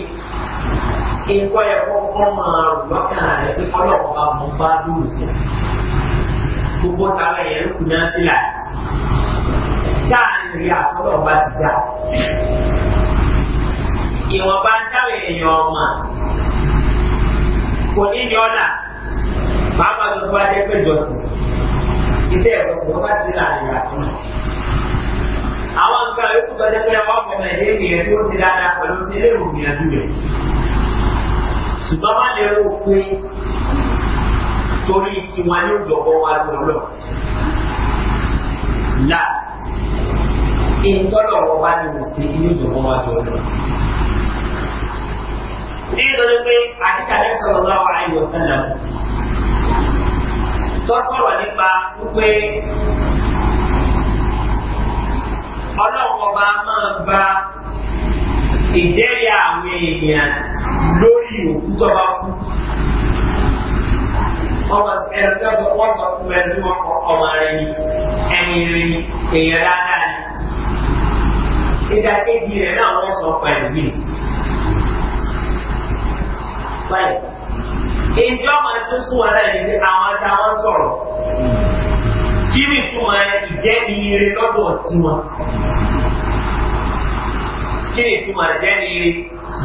nǹkan ẹ̀kọ́ kọ́ máa rò lọ́kàn rẹ̀ pé ọlọ́run bá mọ bá dùn kù gbogbo tààrà yẹn ń kù náà sílà sáàrin rí àtọ́lọ̀ bá ti dà ìwọ̀nba táwọn èèyàn ọmọ kò ní ní ọ̀nà pàápàá tó bá jẹ́ pé jọ̀sìn iṣẹ́ ẹ̀rọ kò ti dà ní àtọ́lọ̀ àwọn nǹkan yòókù tó jẹ́ pé ọwọ́ ọmọ ẹ̀dẹ́ ènìyàn tí ó ti dáadáa pẹ̀lú ti ilé ìròyìnàjú rẹ̀ ṣùgbọ́n má lè rò pé torí tiwọn ní ìjọba wa jọ lọ là ìtọ́lọ̀ wọn bá ní òsì ní ìjọba wa jọ lọ. ní ìtọ́jú pé àtìkàlẹ́ sọ̀rọ̀ láwọn àìyọ̀ sẹ́lẹ̀ tọ́sọ̀rọ̀ nípa wípé ọlọ́run ọba máa gba ìjẹ́rìí àwọn èèyàn lórí òkú tó bá kú. ọmọ ẹ̀rọ tó sọ wọ́n sọ fún ẹni tí wọ́n kọ ọmọ rẹ̀ ni ẹni rẹ̀ ni èèyàn dáadáa ni. ìdàkejì rẹ̀ náà wọ́n sọ fún ẹni bíi. báyìí ìjọ máa tún fún wọn láì ní àwọn àtàwọn sọ̀rọ̀ kí ni ìtumọ̀ ìjẹ́ ìrìn lọ́dọ̀ tiwọn. kí ni ìtumọ̀ rẹ̀ jẹ́ ní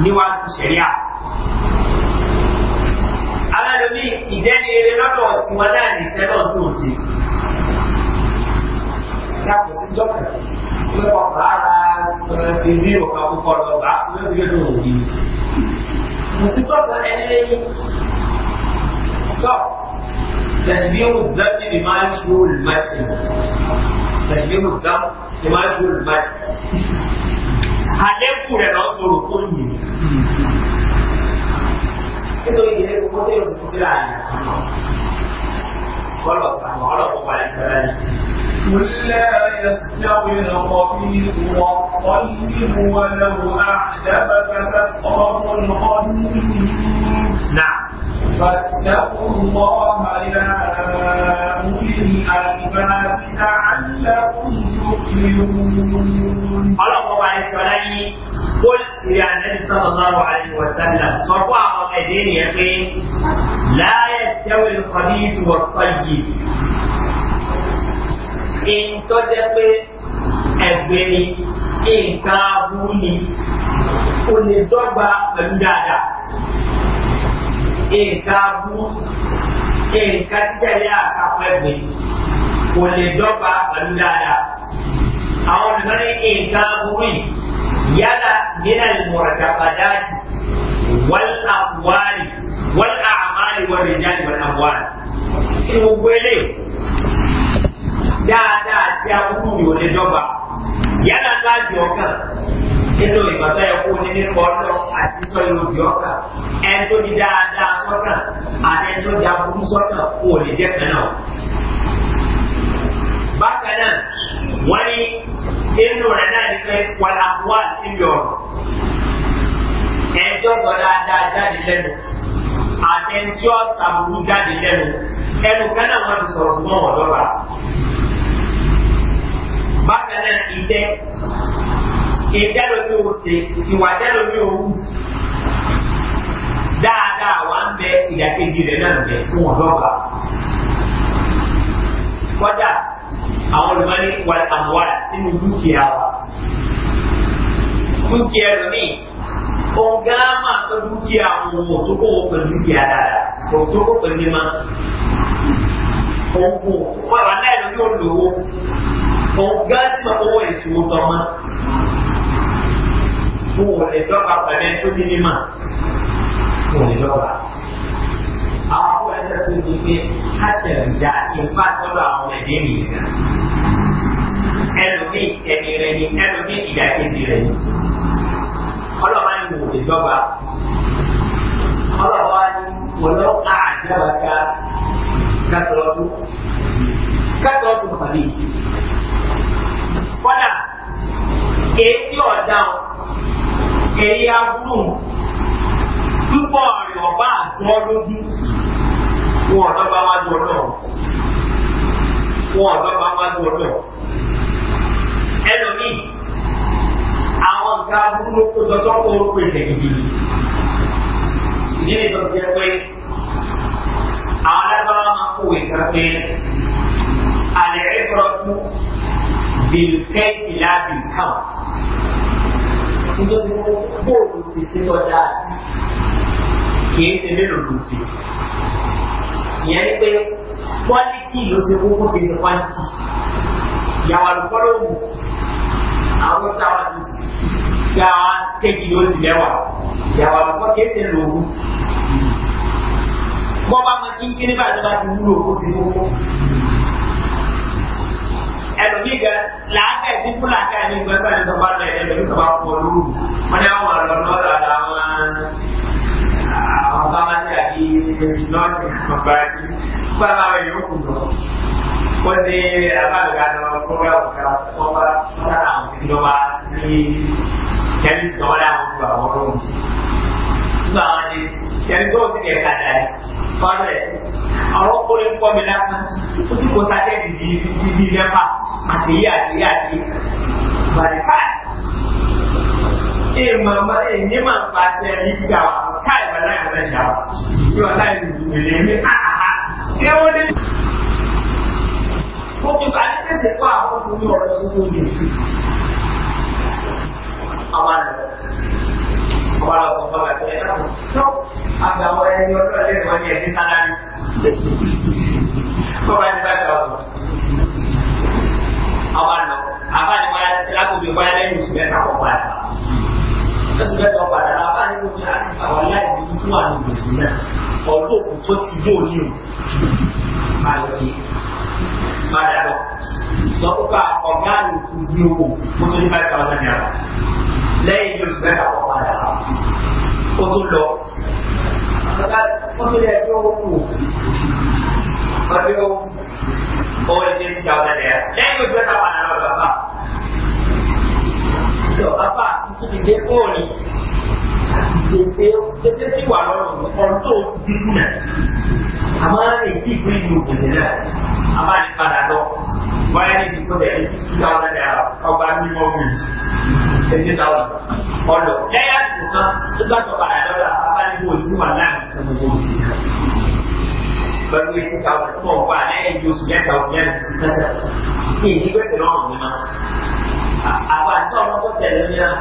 níwájú sẹ̀ríà. alálòmí ìjẹ́ni eré lọ́dọ̀ tí wọ́n náà ní sẹ́dọ̀ tó ń ṣe. yàtọ̀ sí dọ́kítà tí wọ́n bá ara ìlú ọ̀gá púpọ̀ lọ bá wọ́n fi lọ́dọ̀ òbí. mo ti tọ́ka ẹni lẹ́yìn tọ́ تشبيه الذنب بما يشبه المتن تشبيه الذنب بما يشبه المتن àlékù rẹ̀ lọ sọ̀rọ̀ kó yìí nítorí ìdílé gbogbo tí yóò sọ̀rọ̀ sílẹ̀ àyè kọlọ̀ sàmọ̀ ọlọ́pọ̀ wà ní ìgbàlá yìí. قل لا يستوي الخفيف والطيب ولو أعجبك كثرة الخنزير نعم فاتقوا الله يا أولي الألباب لعلكم ọlọ́pọ̀pá ìṣọ́lá ní kó ìrìn àjẹ́sí sọ́lọ́lọ́wọ́ àríwọ̀sánlá sọ fún àwọn ẹ̀dẹ́ ènìyàn pé láyé jẹ́wé lùkọ́dí ìtùwọ̀kọ́ yìí ìǹtọ́ jẹ́ pé ẹ̀gbẹ́ ni nǹkan abú ni kò lè nǹkan abú nǹkan kò lè dọ́gba pẹ̀lú dáadáa. àwọn olùmọ̀rẹ́ nǹkan burú yìí yálà nínà ìmọ̀ràjàpàdáàtì wọ́n àwárí wọ́n àmàlì wọ́n rìn jáde wọ́n àwárí. kí ni gbogbo eléyìí dáadáa tí a kúrú yìí ò lè dọ́gba yálà láàjì ọ̀kan nínú ìgbàgbọ́ ẹ̀kọ́ níní kọ́ọ̀tọ̀ àti sọ́yìn òbí ọ̀kà ẹni tó di dáadáa sọ́kàn àti ẹni tó di aburú sọ́kàn kò lè jẹ́ kan náà bákan náà wọ́n ní inú rẹ̀ náà ní pé wàlá wà níbi ọ̀rọ̀ ẹjọ́ sọ dáadáa jáde lẹ́nu àtẹnjọ́ tàbùkù jáde lẹ́nu ẹnu kan náà wọ́n ti sọ̀rọ̀ ṣùgbọ́n wọ́n lọ́ra bákan náà ìtẹ́ ìtẹ́ lómi ò ṣe ìwà tẹ́ lómi ò dáadáa wà ń bẹ ìdàkejì rẹ̀ náà bẹ̀ fún ọ̀dọ́gba kọjá àwọn olùmọ́ni wà àwà nínú dúkìá wa. Dúkìá lómi, òun gáà máa tọ́ dúkìá wọn ò tó kó wọn pẹ̀lú dúkìá dáadáa, kò tó kó pẹ̀lú mímọ́. Òun kò wà wà náà lórí olówó, òun gáà sì máa owó ìṣòwò sọmọ. Mo ò lè dọ́gba pẹ̀lú ẹni tó ní mímọ́. Mo ò lè dọ́gba àwọn akọ́wé ẹ̀sẹ̀ sí ti pé káṣẹ̀ ìjà ìfà tọ́lọ̀ àwọn ẹ̀dẹ́ ẹlòmí ẹni rẹ ni ẹlòmí ìdàkejì rẹ ni ọlọ́ba ń lò lè dọ́gba ọlọ́ba wọlé àjẹbàká kátọ́lọ́tù kátọ́lọ́tù pàdé kọ́dà èyí ọ̀dà èyí aburú púpọ̀ rẹ̀ ọ̀bá àtọ́ lójú wọn ọ̀dọ́gba wájú ọlọ́ọ̀ wọn ọ̀dọ́gba wájú ọlọ́ọ̀ ẹlòmíì àwọn nǹkan agbúrú kó dọ́tọ́ kó o pè é gidi nínú ìtọ́jú jẹ́ pé àwọn alágbára máa kó ìka pé àlẹ́ ẹ̀kọ́ fún bìlùkẹ́ ìlà bìlùkà nítorí bóòlù ti ti lọ dáa sí kìí ṣe mélòó ló ṣe ìyẹn ni pé kwaliti ló ṣe kókó kìí ṣe kwaliti yàwá lùkọ́ ló àwọn tí àwọn ti tí àwọn kéèkì yóò ti lẹ́wà ìyàwó àbúkọ́ kéè tẹ̀ lòwú. Bọ́ bá mọ kí n kiri bá ìjọba ti wúlò kó sí kókó. Ẹlòmíì gan làákà ẹ̀sìn fún làákà ẹ̀mí gbẹ́gbẹ́ ẹ̀sìn tó bá lọ ẹ̀yẹ lórí tó bá pọ̀ lóru. Wọ́n ní àwọn ọ̀rọ̀ lọ́dọ̀ àwọn àwọn bá máa ń tẹ̀ àbí nọ́ọ̀sì ọ̀gbà ẹ̀sìn. Bá a máa rẹ̀ yóò kù lọ wanda ba da gano ko ba ku ka so ba ta na mu ba ni kan da wala mu ba woro ba ni kan so ti ka da ni ba da àwọn kóre ń kọ́ mi lásán ó sì kó sáté di di di mẹ́fà àti yí àti yí àti bàdí káì èèmọ̀ ọmọ èèyàn máa ń pàṣẹ ní ìgbà wa káì bàdá ìgbà ìjà wa yóò láì lù mí lè mí àhàhà ṣé wọ́n dé mo fi bá ní tètè àwọn ọkùnrin ọ̀rọ̀ tó wúlò sí. Àwọn àná ọba lọ sọ fún ọba ẹ̀ náà ní ẹ̀dín ọ̀rọ̀. Àwọn àná àbáyé wáyé lákòókò padà. Oṣù mẹ́ta kọ̀ àwọn aláì tó wà ní gbèsè náà. Ọ̀dọ́ òkú tó ti dé òní o padà lọ sọ fún ká ọ̀gá àlòkù ní owó kó tó ní five thousand naira lẹ́yìn ló ti bẹ́ẹ̀ káwọ́ padà lọ kó tó lọ kó tó yẹ kí owó kù ọdún owó lè dé two thousand naira lẹ́yìn ló ti bẹ́ẹ̀ káwọ́ padà lọ bàbá. Sọ bàbá tuntun ti dé kóòlì gbèsè gbèsè tí wà lọ́rùn nìkan tó dínkù náà àmọ́ èyí ìlú ìlú gbèsè náà a máa ní padà lọ wáyé ní ìdíkò tẹ̀lé two thousand naira ọba mímọ́ wíìs twenty thousand ọ̀dọ̀ lẹ́yìn àsìkò kan tó bá tọ̀ padà lọ́dọ̀ abánigbó ìlú wà láàrin gbogbo pẹ̀lú two thousand tó ń wà lẹ́yìn oṣù mẹ́ta oṣù mẹ́rin ìdíkò tẹ̀lé àwọn àti ọmọ tó tẹ̀lé ní náà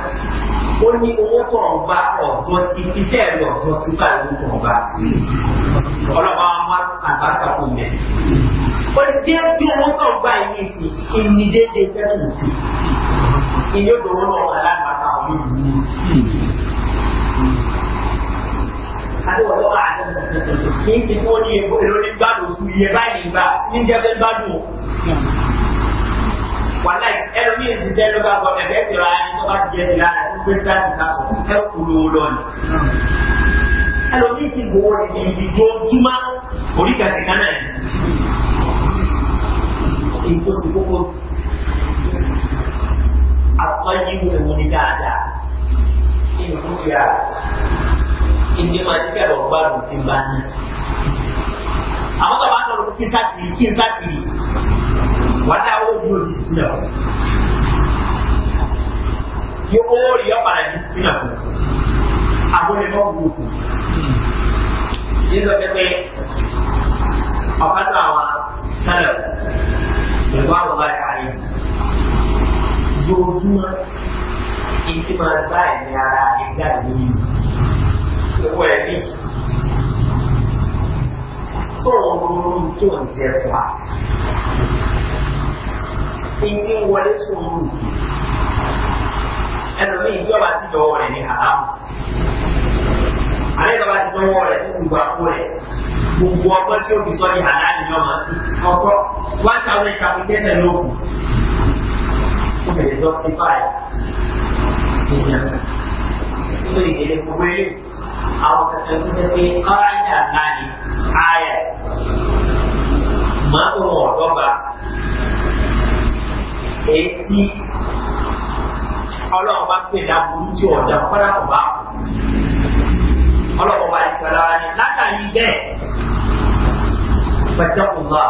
ó ní owó tó ń bá ọ̀dọ́ ti fi bẹ́ẹ̀ lọ ọ̀dọ́ sí bá tó ń bá ọlọ́pàá wọn wá àgbàkà fún mi. ó ní bí bí owó tó ń bá ìwé ìsìn ìnídéédé fẹ́ràn ìsìn ìyẹn ó náà wà láàbà táwọn yóò wú. Adéwọ̀lọ́ wà á kì í ṣe fún ó ní èrò ní gbádùn òfin ìyẹn báyìí nígbà níjẹ́ fẹ́ gbádùn wàlá ẹlòmíì ń ṣiṣẹ́ ló bá bọ̀ ẹ̀fẹ́ ìtura ẹni tó bá jẹ́ ìlà àti pé kíláàsì ká sọ ẹ kú lówó lọ́ọ̀nì. ẹlòmíì ti gbowó rẹ̀ ní ibi tó túmọ̀ oríkàtí kánà ẹ̀. èyí tó sì kókó àpọ́njú ewu ni dáadáa inú dúkìá ìdí máa ti kẹ́rọ̀ gbádùn ti bá ní. àwọn tó bá ń sọ̀rọ̀ kí n sá kiri kí n sá kiri wàhálà ó bí òjì sí náà yẹ owó rí ọ padà jù sí náà àbúrò ẹ̀kọ́ wù kù yẹ sọ pé pé ọ̀kan náà wà sálẹ̀ pẹ̀lú àwọn ọ̀gá ẹ̀ka yìí yóòjúmọ́ ìtì máa gbá ẹ̀mí ara ẹ̀dá yìí owó ẹ̀mí sọ̀rọ̀ ọ̀rọ̀ tó ń jẹ pa ìdí wọlé sùúrù ẹlòmíì tí ọba ti dọwọ rẹ ní haramu alẹ́ ìjọba ti dọwọ rẹ tó gbogbo àpò rẹ gbogbo ọgbọ́n tí ó fi sọ ní halali ní ọmọ sí ọkọ one thousand kàwé tẹ́lẹ̀ lóògùn ó bẹ̀rẹ̀ justify ìyẹn tó ìdílé gbogbo eléyìí àwọn kẹsàn-án tó ṣe pé káyà náà ni ayẹ màá tó wọn ọ̀dọ́ bá èyí tí ọlọ́run bá pè láburú tí ọ̀dà kọ́dà kò bá kù ọlọ́run bá ìfẹ́ lára ni látàrí bẹ́ẹ̀ pẹ̀tẹ́kùnlá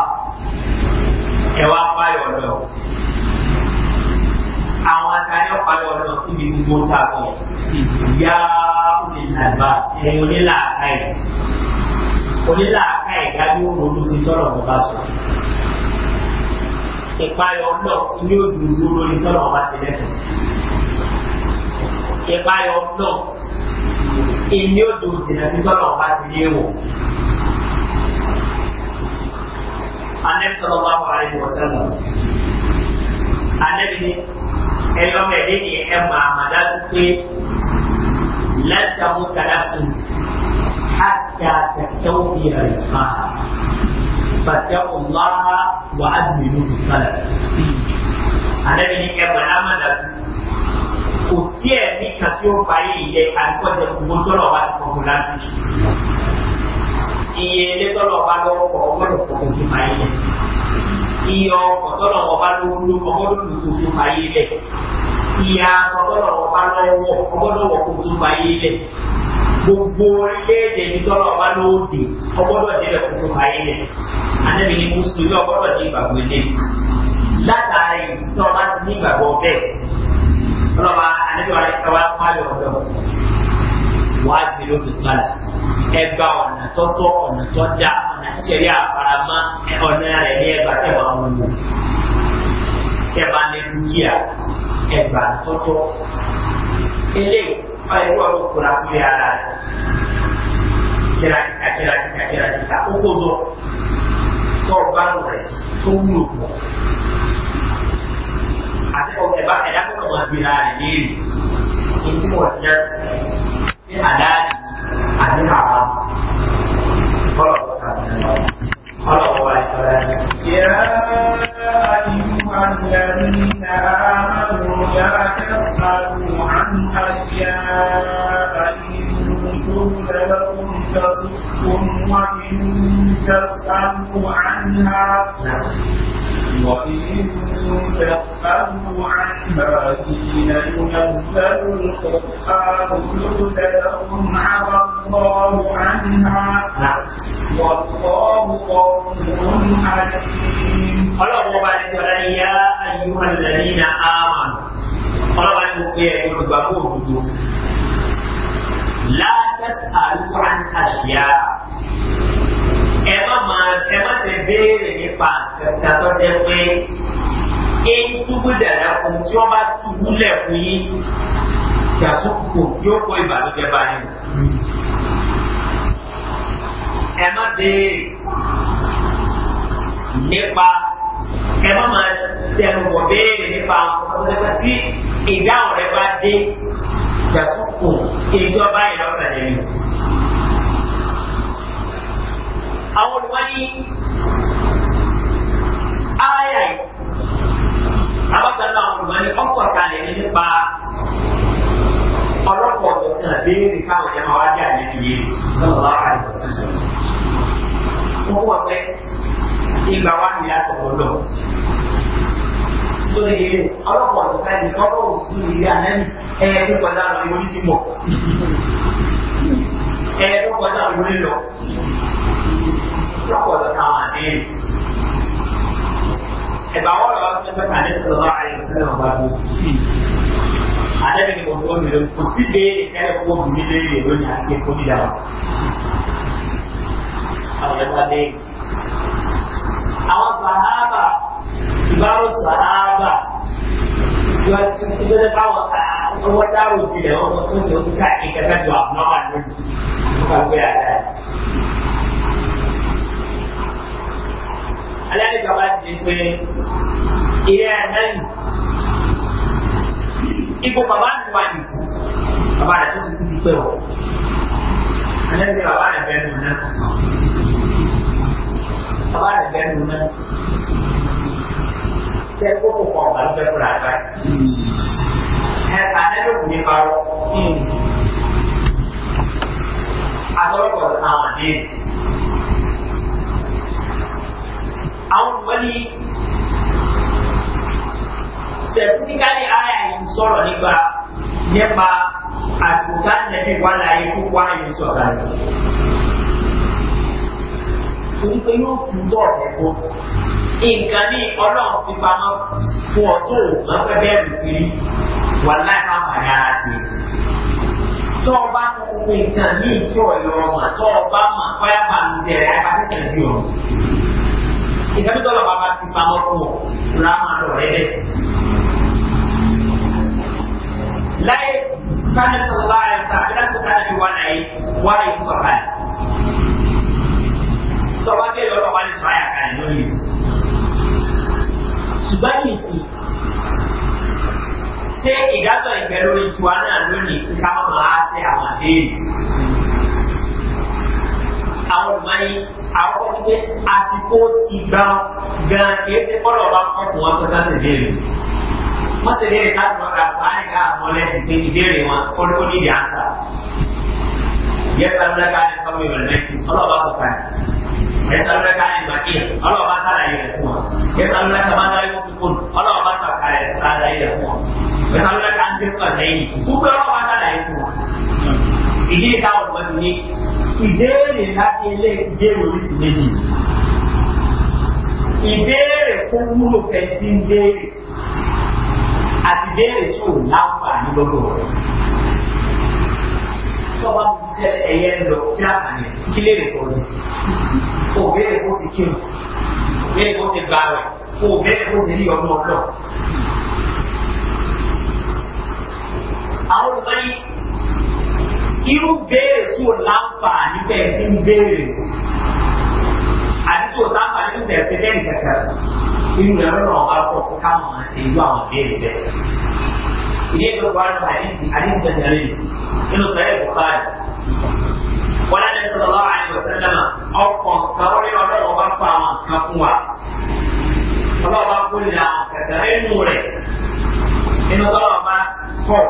ẹ̀wà apáyọ̀ lọ àwọn àtàrí ọ̀páyọ̀ lọ síbi gbogbo tá a sọ ìyá onílàgbà ẹ̀yìn onílàákàyè onílàákàyè dájú òun ló ti tọ́lọ̀ bọ́ bá sọ ìpayọ̀ náà ní òdùdú lórí tọ́lọ̀ ọba ti lẹ́tọ̀. ìpayọ̀ náà ìní òdùdú jìnà sí tọ́lọ̀ ọba ti lé wọ̀. anẹ́sọ̀rọ̀ wà wà ní wọ̀sẹ̀lọ̀. anẹ́bi ẹlọ́mẹ̀dé ni ẹ máa mà dájú pé látàmú kàdásùn àti àtẹ̀kẹ́wò bí ẹ̀rẹ̀ máa. فاتقوا الله وأزمنوا في الطلب أنا من إبراهيم kò sí ẹ̀mí kan tí ó parí ilẹ̀ àdúgbọ̀jẹ̀ gbogbo tọ́lọ̀ bá ti kọ̀kọ̀ láti iye ilé tọ́lọ̀ bá lọ́wọ́ kọ̀ ọgbọ́dọ̀ kọ̀kọ̀ tó ìyá ọgbọ́dọ̀ ọba lọ́wọ́ ọgbọ́dọ̀ wọ̀ kó tó ba yé lẹ̀ gbogbo orílẹ̀-èdè ní tọ́lọ̀ ọba lóde ọgbọ́dọ̀ débẹ̀ kó tó ba yé lẹ̀ anábì ní mùsùlùmí ọgbọ́dọ̀ ní ìgbàgbọ́ ilé látàrí tọ́ ọba ti ní ìgbàgbọ́ bẹ́ẹ̀ ọlọ́ba anábì wa ẹ̀ka wa pálọ̀ ọ̀dọ́ wàá ti lóde tọ́lá ẹgbà ọ̀nà tọ́tọ́ ọ̀nà tọ́jà ọ̀nà ṣẹ̀rí àfaramá ọ̀nà rẹ̀ ní ẹgbà tẹ̀wà ọ̀nà tẹ̀wà ní dúkìá ẹgbà tuntun ilé ọ̀yẹ́ wọn kò kóra kira kira kira kira kira kírakíkà ó kó lọ tó ọba rẹ̀ tó wúlò pọ̀ àti ọ̀gbẹ́ bá ẹ̀dá tó kọ̀ máa gbéra rẹ̀ léèrè èyí tí wọ́n jẹ́ sí àdáàlì àti àwa kọ́lọ̀ ولا تسألوا عنها شيئا إن تبد لكم تسؤكم وإن تسألوا عنها وإن تسألوا عنها حين ينزل القرآن يبد لهم عفى الله عنها والله غفور حليم قال الله يا أيها الذين آمنوا Kalau ní pé ẹ olùgbàgbọ́ òdodo itu. lóra ń àṣìyá ẹ má máa ẹ má ṣe béèrè nípa kẹta tó tu pé eyín túbú dàda tu tí wọn bá túbú lẹ fún yín ìdàsókò yóò kó ìbànújẹ bá yín ẹ ẹ má máa tẹnu bọ̀ béèrè nípa ọ̀sọ̀tẹ̀pẹ̀ sí ìdáhùn rẹ bá dé ìgbàkúkù ìjọba ìlọ́kàn lẹ́nu. àwọn olùwádìí aráyà yìí abájáde àwọn olùwádìí ọ̀sọ̀kalẹ̀ nípa ọlọ́pọ̀ ọ̀dọ̀kan béèrè káwọn ẹ̀ma wájú àlejò yìí lọ́wọ́ àlejò. wọ́n wọ́n fẹ́ ìgbà wà ní àtọ̀wọ̀ lọ. Lórí ọlọ́pàá ọ̀dọ̀ta ẹni kọ́kọ́ òsùn ilé ànẹ́ni ẹ̀yẹ tó kọjá lọ ní orí ti mọ̀. Ẹ̀yẹ tó kọjá lọ lórí lọ. Ọlọ́pàá ọ̀dọ̀ta wà ní ẹ̀yẹ. Ẹ̀bà wọ́n lọ sí ẹgbẹ́ kan ní sọ̀rọ̀ àyẹ̀wò sẹ́lẹ̀ ọ̀gá mi. Àlẹ́ mi ni mo tó mi lọ, kò sí pé ìkẹ́lẹ̀ kó mi lé ìròyìn àti ẹ̀kọ́ dídá wa. Àwọn ẹ̀wá lẹ́yìn. ìbáwọ̀ sàábà yọ ti ti bẹ́ẹ̀ báwọn ọwọ́ dárò jìnlẹ̀ wọn lọ fún ìjọ kíkà ìkẹta ju àbúnáwà lónìí wọn kà gbé àdá yìí. aláàlẹ́ bàbá ti pé ilé ẹ̀dá yìí ipò bàbá mi wà ní bàbá rẹ̀ tó ti ti pé wọ̀ aláàlẹ́ bàbá rẹ̀ bẹ́ẹ̀ nù náà bàbá rẹ̀ bẹ́ẹ̀ nù náà. แค่ควบคุมความฝันเป็นขนาดไปแค่ตาได้ลูกมีเบาอาตัวกดเอาอันนี้เอาวันนี้แต่พฤติการในอายอินสโตรนี่ก็เนี่ยมาอาสุกันเนี่ยเป็นวันไหนทุกวันอินสโตรกันคุณไปรู้คุณตัวเนี่ยคุณ nǹkan ní ọlọ́run fi pamọ́ fún ọtún òun fẹ́ bẹ́ẹ̀rù sí i wà láì má bà yára sí i. tó o bá mọ gbogbo nǹkan ní ìtí ọ̀yọ́ ọmọ tó o bá mọ bóyá bá mi jẹ ẹ̀ bá tẹ̀sán bí ọ̀run. ìtẹ́bí tó lọ́ba bá fi pamọ́ fún ọ rà máa lọ rẹ̀ dẹ̀. láì kánẹ́ sọ̀rọ̀ láàrin tàbí láti kánẹ́ fi wá láyé wá láyé sọ̀rọ̀ láyé. sọ̀rọ̀ ṣùgbọ́n nìsí ṣé ìdájọ́ ìgbẹ́ lórí tiwa náà lónìí kí ká máa ṣe àwọn àbẹ́rẹ́ àwọn olùmọ̀ọ́yé àwọn ọkọ̀ wípé àsìkò ti gbà gan kìí ṣe fọ́lọ̀ ọba fọ́ọ̀tù wọn tó sáà tẹ̀lé wọ́n tẹ̀lé rẹ̀ láti wọ́n ra fún àyíká àwọn lẹ́sìn pé ìbéèrè wọn kọ́ni ó ní ìdí àṣà yẹ́sà lọ́dọ̀ káyọ̀ sọ́mi ìrọ̀lẹ́sìn ọlọ́ọ̀bá sọ̀tà yẹ́sà lọ́dọ̀ káyọ̀ ìgbàkíyà ọlọ́ọ̀bá sàlàyé rẹ̀ fún wọn. يسألونك ماذا ينفقون الله ما تفعل هذا يكون يسألونك عن تلك العين كبرى ماذا لا يكون ìdílé táwọn ọmọ ti ní ìbéèrè láti ilé ìbéèrè oríṣi méjì ìbéèrè tó wúlò fẹ́ ti ń béèrè àti béèrè tí ò láǹfààní lọ́dọ̀ rẹ̀ tó bá mi jẹ ẹyẹ lọ kí àtàlẹ̀ kí lè rẹ̀ tọ́jú òbéèrè kó fi kírun bẹ́ẹ̀ kó ṣe gbà rẹ̀ kó bẹ́ẹ̀ kó ṣe rí ọmọ ọlọ́. àwọn olùkọ́ yìí irú béèrè tí o láǹfààní bẹ́ẹ̀ ti ń béèrè àti tí o láǹfààní bẹ́ẹ̀ ti bẹ́ẹ̀ kẹ̀kẹ́ inú rẹ̀ lọ́nà ọ̀gá pọ̀ kó káwọn àti irú àwọn béèrè bẹ́ẹ̀. ilé ìgbẹ́ buhari àdìsí àdìsí tẹ̀sán lẹ́yìn nínú sọ̀rọ̀ ẹ̀ wọ́n á lẹ́sọ̀ lọ́wọ́ àìsàn sẹ́lẹ̀mà ọkàn káwọ́lé ọlọ́wọ́ bá fa àwọn kan fún wa ọlọ́wọ́ bá kó lè àwọn kẹsẹ̀ inú rẹ̀ inú tọ́lọ̀ bá kọ̀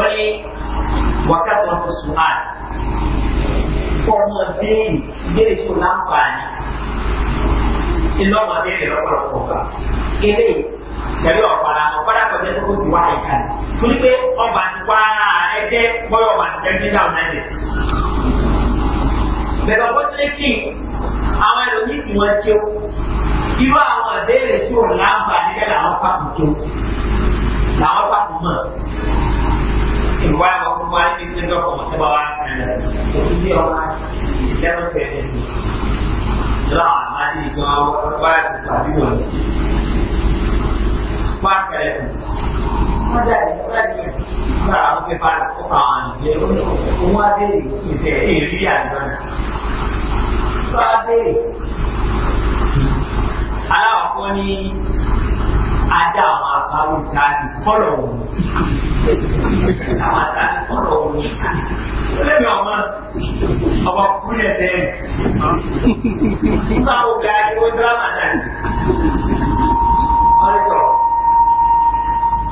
ó ní wákàtí wọn ti sùn àná kọ́ ọmọ déèrè déèrè láǹfààní ìlú ọmọ adé rẹ̀ lọ́pọ̀lọpọ̀ gbà. eléyìí sẹ́rí ọ̀pára ọ̀pára kọjá tó kó ti wá ẹ̀ka rẹ̀ fún pé ọba ti wá ẹgbẹ́ bọ́yọ̀ ọba ti jẹ́ nígbà ọ̀nàdẹ̀. bẹ̀rẹ̀ ọ̀pọ̀ tó lé kí àwọn ẹlòmíì tí wọ́n tó irú àwọn ìbéèrè tí ò láǹfà nígbà làwọn pàpù tó làwọn pàpù mọ̀ ìwà àwọn ọmọ wa ní Islam àti ìsan báyìí tàbí wọn. Páàkì ẹ̀ wọ́n jáde lọ́dẹ̀ nígbà àwọn pépà tó kà wọ́n àjẹ́ òun á dé ìfẹ́ èrí àjọyọ̀. Tó á dé aláwọ̀ kan ní àwọn ìta ìkọlọ̀ òun. Àwọn àtà ìkọlọ̀ òun. Lẹ́mi ọmọ ọmọ kúlẹ̀ bẹ́ẹ̀. Nígbà wo ga ìwé dírámà náà? Ọ̀rẹ́tọ̀.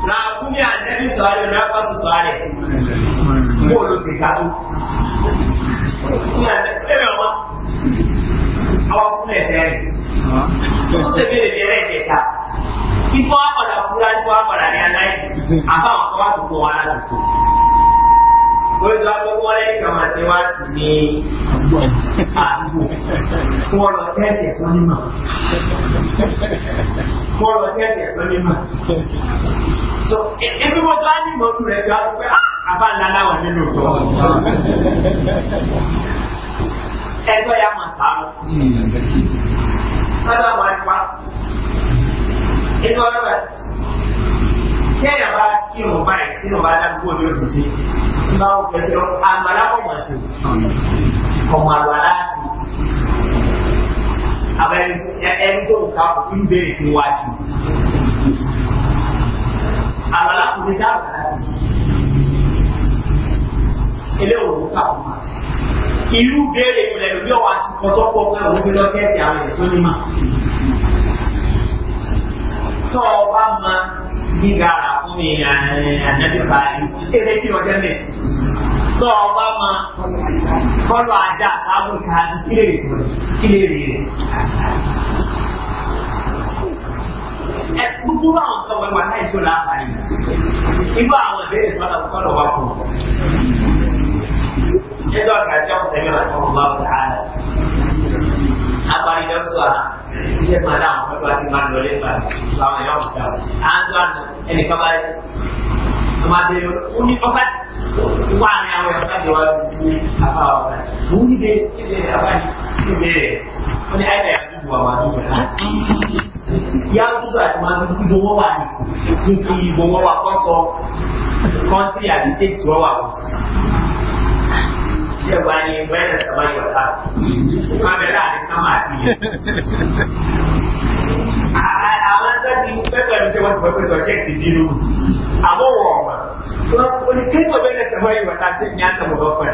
Làákúnmí àtẹ́bí sọ ayọ̀ lápá tó sọ ayẹ̀. Mo lò sí ìka tó. Lẹ́mi ọmọ ọmọ kúlẹ̀ bẹ́ẹ̀. Ó bí wọ́n á padà fúra tí wọ́n á padà ní aláì àbá àwọn kan wá tó kó wọn aládùúgbò. Gbogbo agbogbo wọn lẹ́yìn kan máa ti wá sí ní àdúgbò. Wọ́n lọ tẹ́tẹ̀ sọ ní mà. Wọ́n lọ tẹ́tẹ̀ sọ ní mà. So ebi mo bá ní mọ́tò rẹ̀ bí wọ́n ah, àbá ńlá láwọn nínú ìtọ́ ẹgbẹ́ ya máa ta lọ. Sọ́dọ̀ wà ní wa inú ọ̀rọ̀ rẹ̀ kẹ́yà bá kírun báyìí kírun bá dágbó ní òjijì nígbà wo kẹjọ àgbàlá kò mọ̀ sí ọmọ àgbàlá sí àbẹ ẹni tó ń ka òfin béèrè sí wájú àgbàlá kò ní dá àgbàlá sí eléwòó ló kà ìlú béèrè ìpìlẹ̀ lórí ọ̀wà àti kọ́tọ́kọ́ pé òun fi lọ́kẹ́ẹ̀tì àwọn ẹ̀ tó ní mà tó o bá ma gíga rà fún mi eh, eh, ànájú báyìí kéré kí ọjọ́ mi tó o bá ma kọ́lọ̀ ajá sábò ká kílè rè kílè rè rè. Ẹ gbogbo àwọn nǹkan wẹ̀wẹ̀ aláìsó láǹfààní. Irú àwọn ìbéèrè sọ́dọ̀ sọ́dọ̀ wá fún ọ. Ẹjọ́ àgbàjọ́ ọ̀sẹ̀ mẹ́wàá tó ń bá ọ̀sẹ̀ ààrẹ apari da suara dia madam berarti mandolin bar selama yang kita anjuran ini kabar Kemudian uni obat uang yang mereka jual apa apa uni deh ini apa ini deh ini ada yang dua maju yang itu ada maju di bawah wani di bawah wakosong konti ada di bawah dia wani banyak sama yang máa bẹ̀ láàrin kámá àti ilẹ̀. àwọn sẹ́ẹ̀tì pẹ́pẹ́ ní sẹ́wọ́n ti pẹ́pẹ́ sọ ṣẹ́ẹ̀tì bínú àmọ́ wọ̀ ọ̀mà wọ́n ké wọ́n bẹ́ẹ̀ lẹ́sẹ̀ wọ́n yìí wọ́n ta sí ní àtàwọn ọ̀pẹ́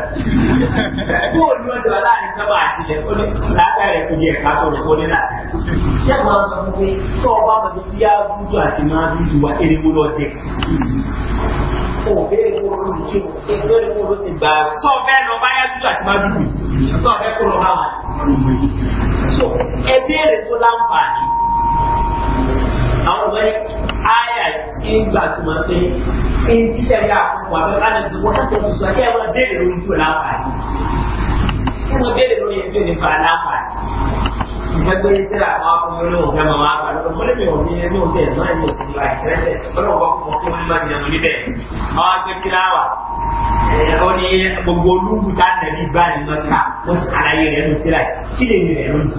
ẹ̀kọ́ òní wọ́n dọ̀ láàrin kámá àti ilẹ̀ ó ní látàrí ẹ̀kọ́ yẹ ẹ̀ka tó lọ́wọ́ ní láàrin. sẹ́ẹ̀tì wọn fún pé tó ọba mọ̀ òbéèrè kó ló ti kí o lórí kó ló ti gbà á. sọ bẹ́ẹ̀ lọ báyà dúdú àti má dúdú sọ bẹ́ẹ̀ kó lọ bá wà. so ẹ béèrè tó láǹfààní. àwọn ọmọ yẹn àyà ìgbà tó máa pé ẹni tíṣẹ́ yà á fún wa bẹ́ẹ̀ bá lè sọ wọ́n á tó sọ ẹ wọ́n béèrè lórí tó láǹfààní tí mo béèrè lórí ètò ìnípa aláǹfààní ìgbà tó yẹ tíra àwọn akọ̀wé ló ń fẹ́ máa wà lọ́dọ̀ mọ́lẹ́ mi ò ní ẹni ò tẹ̀ náà ní òsì ìwà ìtẹ́lẹ̀ ọlọ́run bá kọ́ kí wọ́n máa jẹun níbẹ̀. àwọn akẹ́ kíláwà ó ní gbogbo olúkú tá a nàbí bá ní mọ́ta wọ́n ti àlàyé rẹ̀ ló tíra kí lè mi rẹ̀ ló ti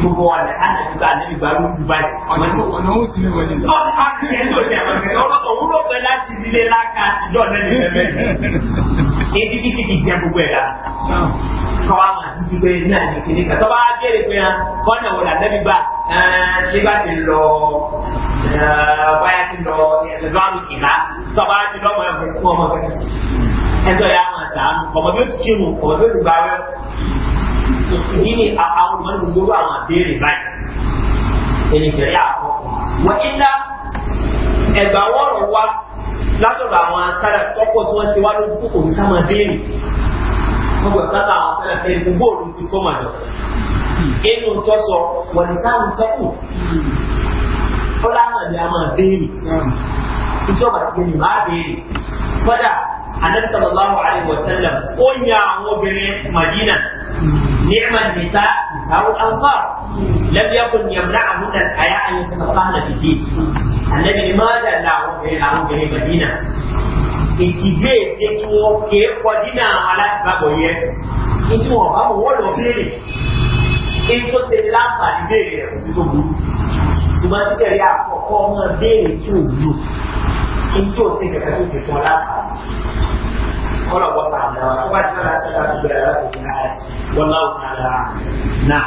gbogbo wa lẹ̀ á nàbí bá nàbí bá lóògùn báyìí. ọ̀nà ó sì ní wọlé. ọ̀nà ó sì ní wọlé èyí títí ti jẹ gbogbo ẹ̀dá kọ́wá máa ti ti pé náà ní kíní kan tó bá béèrè pé hàn kọ́nà wò lànàbí gbà nígbà tí ń lọ báyà ti lọ ẹ̀dọ́ àrùn kìlá tó bá ti lọ́mọ ẹ̀fọ́ fún ọmọ rẹ̀ ẹ̀dọ́ yà máa sàánù ọmọ bí ó ti kírun ọmọ bí ó ti gbà rẹ̀ ìdí ni àwọn ọmọ ní gbogbo àwọn àbẹ̀rẹ̀ báyìí ẹni ìṣẹ̀lẹ̀ àkọ́kọ́ wọ́n ilá ẹ̀gbà wọ́ọ̀rọ̀ wá látọ̀dọ̀ àwọn sára tọ́pọ̀ tí wọ́n ti wá lójú kòkò ní káwọn béèrè wọ́n gbọ́ sábà àwọn sára fẹ́ẹ́ fún bóòlù sí kó màdọ̀ inú tó sọ wọ́n ní sáwọn sẹ́kù ó láwọn ìdí àwọn béèrè ìjọba ti ní máa béèrè kọ́dà anabi sallallahu alaihi wa sallam ó yà àwọn obìnrin madina ni'ma nisa nisawu ansar lam yakun yamna'ahunna aya an yatafaqqahna fi din àlẹ́bí ni máa dà dá àwọn obìnrin làwọn obìnrin mẹ̀dínà ìtìgbé ètè kí wọ́n kéé kọjínà alátìbábọ̀ yẹ kí tí wọ́n bá mọ̀ wọ́n lọ bílẹ̀ èyí tó ṣe láǹfààní béèrè rẹ̀ kò sí tó burú ṣùgbọ́n tíṣẹ̀rí àkọ́kọ́ ọmọ béèrè tí ò wúlò kí tí ò sí kẹ̀kẹ́ tó ṣe fún ọ láǹfààní kọ́lọ̀ bọ́ sàmì náà tó bá ti fẹ́ láti ṣọ́ta tó bẹ̀rẹ̀ láti fi náà wọ́n láwùjọ náà náà.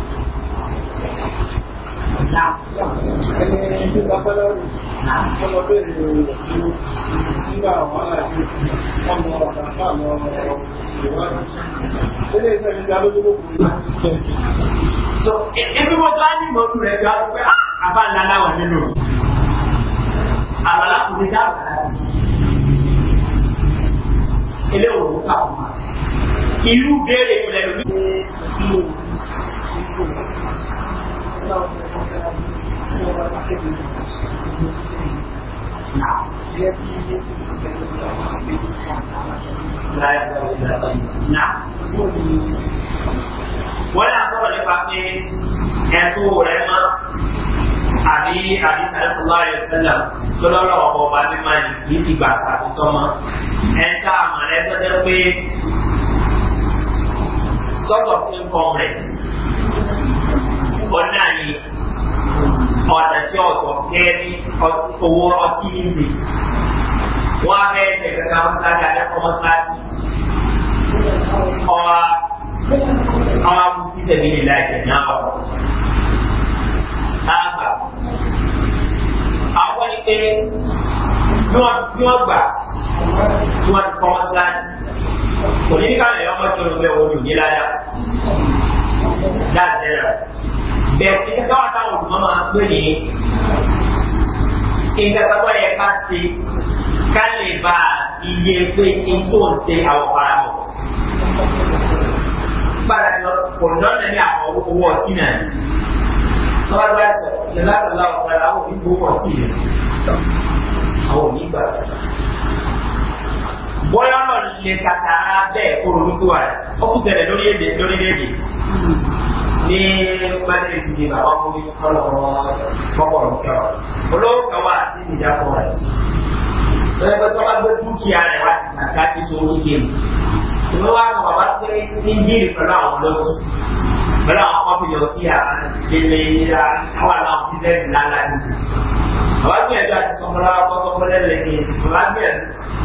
ẹni so e- ebi mo bá ní mọ́tò rẹ̀ bí a pé ah, àbá ńlá náà wà nínú àbálá kò ní dábàá ilé òwò kà wọ́n. ìlú béèrè ìlẹ̀ ìlú. لا يقدر إلا طيب نعم ولا صبر لفقه يسوع رحمه àbí àbí sàlẹ́sọ̀lá rẹ̀ sẹ́lẹ̀ tó lọ́rọ̀ ọ̀bọ̀ ọba ní máa yìí kì í ti gbà tàbí tọ́mọ. ẹ ń ká pé sọ́tọ̀ fún nǹkan ọ̀nà ni ọ̀nà tí ọ̀tọ̀ kẹ́ ní owó ọtí níbi. Wọ́n á fẹ́ ẹsẹ̀ kankan mọ́sálásí àdẹ́kọ̀ mọ́sálásí. Ọ̀wá ọ̀wá mú sí sẹ̀mí ní láìsẹ̀ ní àpapọ̀. Àgbà. Àwọn ni pé bí wọ́n gbà tí wọ́n ti kọ́ mọ́sálásí. Kò ní ká lè ọmọ tó ń bẹ wọ́n yóò ládàá. Láti ẹ̀rọ bẹ̀rẹ̀ ní káwá táwọn ọ̀dùnmọ́ máa ń pè ní nǹkan tó wọ́n yẹ ká ṣe ká lè bá iye pé kí n tó ń ṣe àwọn paramọ̀. Gbàdá lọ kò lọ́nà ní àwọn owó ọtí náà. Tọ́wá bá ẹ̀sọ̀ ìjọba àtàlà ọ̀gá àwọn òbí gbowó ọtí rẹ̀. Àwọn òbí gbà. Bọ́lá lọ lè kàtàrà bẹ́ẹ̀ kó ronú tó wà Ó kù sẹ̀lẹ̀ lórí èdè lórí èdè ní mẹ́rin ìdíje bàbá mú ní kọ́lọ̀ kọ́kọ̀rọ̀ kẹwàá olówó kẹwàá àti ìjákọ̀ rẹ̀ lọ́yẹ̀ pé tọ́lá gbé dúkìá rẹ̀ wá ti nà ká kí sọ ó kékeré ìwé wa kọ̀ bàbá pé ń jírí pẹ̀lú àwọn lọ́tì 没让我朋友去啊，因为啊，他晚上我们在南来的。完全就是什么啦，我什么的人呢？完全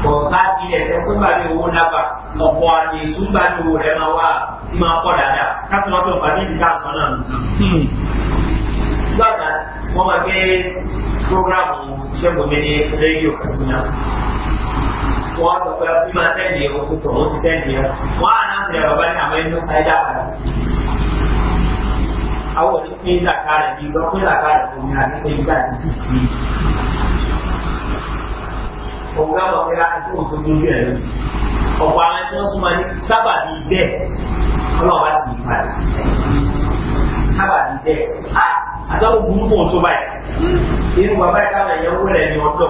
我他几点钟不把你问那个，我把你送把你问来嘛哇，你妈过来了，他怎么就把你干什么呢？嗯，那咱我们给 program 全部给你 radio 看怎么样？wọ́n sọ pé bí máa tẹ̀lé o tó ti tẹ̀lé o wọ́n á náà sẹ̀rọ̀ bá ní àwọn ẹni ọ̀sán ẹ̀dá rẹ̀. àwọn òní pín ìdàkà rẹ̀ bí lọ pín ìdàkà rẹ̀ fún mi àti pé ìgbà tí kì í òun náà lọ fẹ́ láti òṣù tó bí ẹ̀rọ. ọ̀pọ̀ àwọn ẹni tí wọ́n súnmọ́ ní sábàbí bẹ́ẹ̀ ọlọ́ọ̀bá ti sábà ní tẹ́ àtàwọn burúkú tó báyìí inú bàbá yìí káwọn ẹ̀yẹ wọlé ẹni ọdọ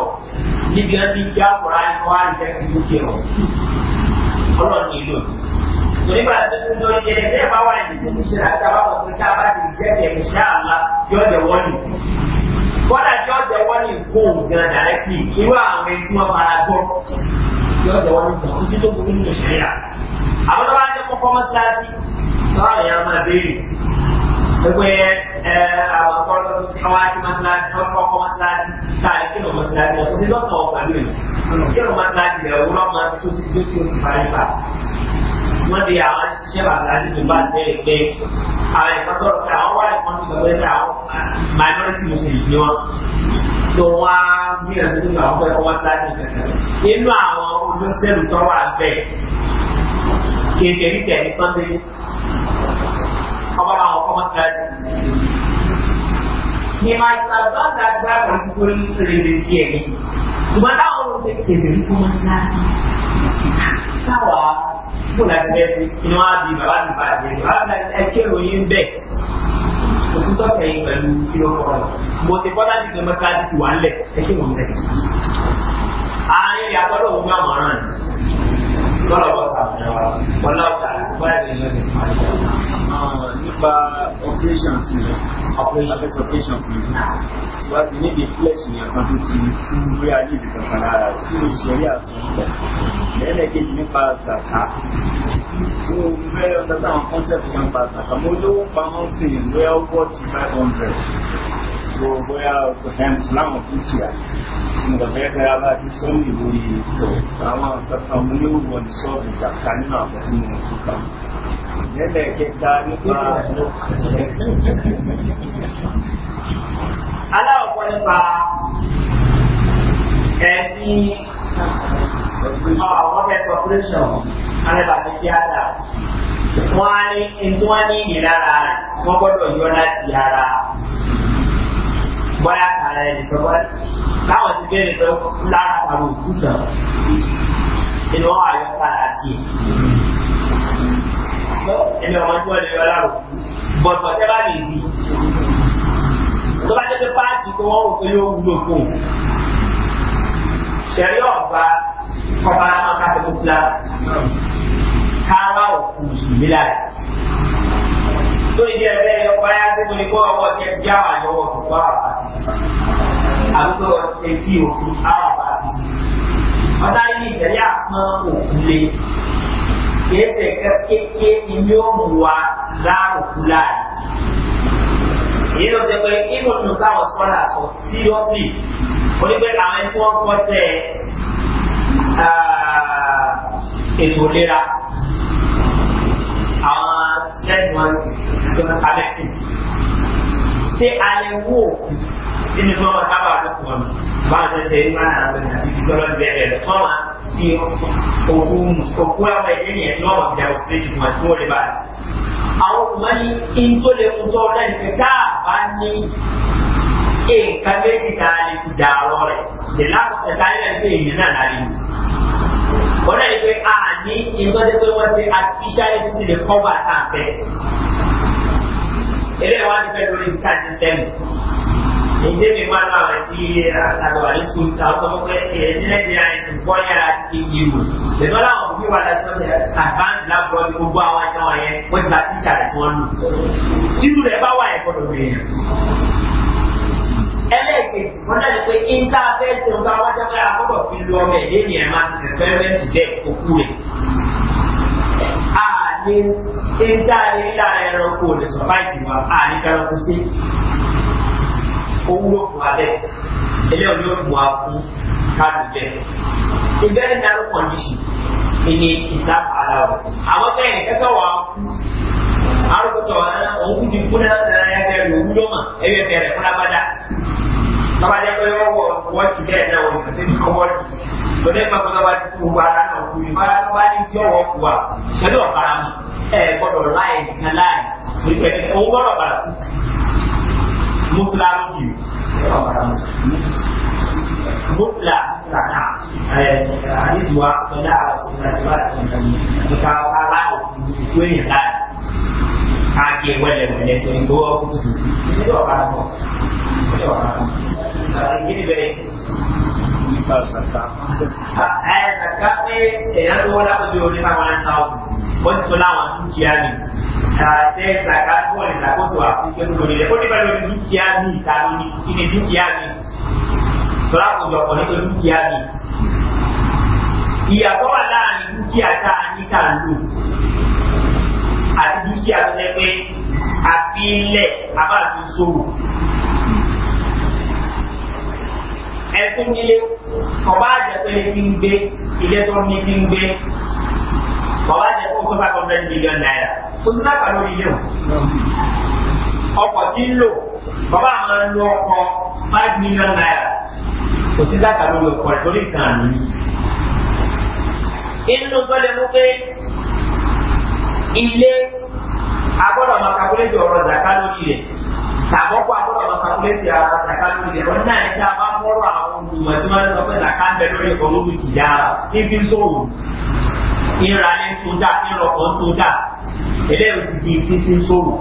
níbi wọn ti gbé àkùrá ní wọn á rí tẹ́sí lókè rọ ọlọ́run ní ìlú nígbà tó tún tó yẹ ẹgbẹ́ bá wà ní sísú ṣe àtàwọn ọmọ tá a bá ti jẹ́ kẹ̀ ní sáàlá yóò jẹ wọ́n ní kọ́dà yóò jẹ wọ́n ní góòlù gan dàrẹ́kì irú àwọn ẹni tí wọ́n fara gbọ́ yóò jẹ wọ́n ní kò sí tó burú nínú ìṣẹ̀lẹ̀ àwọn tó bá ń jẹ́ kọ́kọ́ mọ́síláṣí sọ́ọ́ pé àwọn ọmọ tí wọ́n ti wọ́n kọ́kọ́ mọ́sálásí sáré kí ló mọ́sálásí wọn tó ti lọ́sọ̀ ọ̀gbà lóyè kí ló mọ́sálásí rẹ̀ wúrọ̀ máa tó ti tó ti ti parí pa. wọ́n di àwọn ṣiṣẹ́ bàtàlásí tó bá tẹ̀lé pé àwọn ẹ̀kọ́ sọ̀rọ̀ pé àwọn wà ẹ̀kọ́ ti gbàgbé pé àwọn minority muslims ni wọ́n tó wá gbìyànjú nípa àwọn ẹ̀kọ́ mọ́sálásí kankan. inú àwọn olóṣèlú tó wà bẹ́ẹ̀ kékeré tẹ̀lé tọ́ndé ọba Muslim. Nema ìgbàgbọ́ àgbàgbà àgbàgbà rèé ti ẹ̀mí. Ṣùgbọ́n táwọn olùgbé kèbè ń kó mọ́síláṣí. Sáwà kó láti bẹ́ẹ̀ sí inú di bàbá àti bàbá àti bàbá àti ẹ̀kẹ́ ìròyìn bẹ́ẹ̀. Òtítọ́ kẹ̀yìn pẹ̀lú kíló kọ́ ọ̀nà. Mo ti bọ́lá ti gbẹmọ ká ti wà ńlẹ̀ ẹ̀kẹ́ wọn bẹ̀. Àárín ìyàgbọ́dọ̀ wọn lọ́rọ̀ bọ́ sàmìlẹ̀ wa wọn láwùjá àti báyìí ní ẹgbẹ́ ìsìn àjọ. nípa operations ni operations operations ni wọ́n ti níbi flesh ní ẹ̀kan tó ti tú bí a níbi kankan lára tí o ṣe rí àsùn ìgbà. lẹ́lẹ́kejì nípa zaka mo fẹ́ ọ̀dọ́ta àwọn concept kan pa zaka mo lówó pamọ́ sí ìlú ẹ̀ ọgọ́tì five hundred wo bóyá ẹ̀m láwọn tó tìyà nígbà bẹ́ẹ̀ pé abá ti sọ ní lórí tó àwọn kankan mo ní wọ́n ní sọ́ọ̀bù gbàgbà nínú àwọn tí mo kú kan. kẹta nípa aláwọ̀pọ̀ nípa ẹ̀ẹ́dì àwọn fẹ́sọ̀ operation alẹ́bàṣẹ́ tíátà wọ́n á ní ntí wọ́n ní ìlara wọ́n gbọ́dọ̀ yọ láti ara bọ́yá tààrà ẹnìkan bọ́yá láwọn ti bẹ̀rẹ̀ pé lára àwọn òkú kan inú wọn àyọ sára àti ẹ̀ ẹni ọmọ tí wọ́n lè yọ lára òkú bọ̀dọ̀ tẹ́ bá lè di tó bá jẹ́ pé páàkì tó wọ́n rò pé yóò wúlò ṣẹ̀rí ọ̀gbà ọba ọ̀ka tó fúlá káwá òkú mùsùlùmí lára tó ìdí ẹgbẹ́ ọba yá tó ní kó ọwọ́ tiẹ̀ ti jáwà lọ́wọ́ tó kọ́ àbá àgbọ̀ etí òkú àwàbà ọ̀dà yìí ìṣẹ̀lẹ̀ àpọn òkú lé kéèké kéèké ni ó mú wa láàrùkú láàyè èyí ló ṣe pé inú ìlú táwọn sọ́lá sọ síríọ́sì onígbé àwọn tí wọ́n kọ́ sẹ́ ètò ìlera àwọn lẹ́sìn wọn tí wọ́n kalẹ̀ sí ṣé alẹ́ wò òkú nínú tí wọ́n máa sábà lóko wọn bá a tẹ̀sẹ̀ ní wọn àwọn ọ̀gbìn àti ìfisọ́lọ́ bẹ̀rẹ̀ rẹ̀ wọ́n máa fi òkú òkú àwọn ẹ̀jẹ̀ yẹn tí wọ́n máa fi àwọn sílẹ̀ jùmọ̀ tí wọ́n lè bá a. àwọn ọmọ ní in tó lè kú tọ́ náà nípa tá a bá ní nǹkan méjì tá a lè fi dà ọ̀rọ̀ rẹ̀ lè lásọ̀tẹ̀ tá a lè fi èèyàn náà lárí mi. wọ́n náà yẹ pé a ní ìtọ́jú pé wọ́n ti artificial ti cover tá a fẹ́. eré wa ti fẹ́ lórí ká ti tẹ́lẹ̀ ìdí mi máa náà rẹ̀ sí àtàwọn àìsùkú ta ọ̀sán mọ́ pé ẹ̀ẹ́dẹ́ ti àyè ti bọ́ yà ti ìlú. Ìgbà láwọn òbí wà láti sọ́jà àbáǹdì lábúrò ní gbogbo àwọn ẹ̀ka wọn yẹn wọ́n ti bá tíṣà rẹ̀ tí wọ́n lù. Tírú rẹ̀ bá wà ẹ̀kọ́ lómi yẹn. Ẹlẹ́ẹ̀kejì, wọ́n dàbí pé íńtà fẹ́ tó ń bá wájà pé akọ́bọ̀ fi lu ọmọ ẹ̀dẹ́ ni ẹ̀ máa ti ẹ̀fẹ́rẹ́mẹ́ntì bẹ́ẹ̀ òkú rẹ̀. Àní íńtà ní lára ẹranko owó ló fún abẹ́ ilé òní òfin wa fún káàdì jẹ́ ìbẹ́rẹ̀ ní alẹ́ kọ̀ǹdíṣìn ìní ìsá àlà o àwọn bẹ́ẹ̀ kẹ́kẹ́ wà fún arúgbótọ̀ òun ti fún ẹ̀rẹ́ òwúlò mà ẹ̀yẹ bẹ̀rẹ̀ fún abada bàbá yẹ pé wọ́n wọ́n ti bẹ́ẹ̀ náà wọ́n ti ti kọ́ wọ́n tó ní ìgbà gbọ́dọ̀ bá ti kú gbogbo ara náà kú ìfara tó bá ní tí ọwọ́ kú wa ṣẹlẹ̀ ọ̀bára mu ẹ̀ gbọ́dọ̀ láì nìkan láì orí pẹ̀lú owó gbọ́dọ̀ kú mú kíláàmù kìí mutlak mutlak hadis dua benda Rasulullah SAW kalau kalau gue yang lain ake wale wale to ni go ẹ zaka pé èèyàn tó wọlé àpòjù orí máa wọn ta ọkùn ó ti tó láwọn dúkìá mi ṣe zaka tó lè ṣàkóso àfikẹ́ lórí rẹ̀ ó nípa lórí dúkìá mi ìta lórí kí ni dúkìá mi tó lápòjù ọkọ̀ nítorí dúkìá mi ìyàtọ̀ wà láàrin dúkìá a ní ká lò àti ẹkún nílé ọba àjẹpẹ́ lè fi ń gbé ilé tó ní fi ń gbé ọba àjẹpẹ́ òkú bá hundred million naira ó ti sábà lórí ilé o ọkọ̀ tí ń lò bàbá àwọn ń lo ọkọ̀ five million naira kò sí sábà lórí ọkọ̀ torí kan nìyí. inú tó lè pé ilé agbọ́dọ̀ máa kakulétì ọ̀rọ̀ zaka lórí rẹ̀ àkọ́kọ́ àkọ́kọ́ máa kàkúlẹ́tì ara zakatu ilẹ̀ wọn náà ní ká máa mọ́rọ̀ àwọn olùmọ̀ tí wọ́n lọ pé zakat bẹ lórí ẹ̀kọ́ lórí tìjára ibi sóòrò ìra ní túnjà ìrọ̀kọ́ túnjà eléyìí ti di títí sóòrò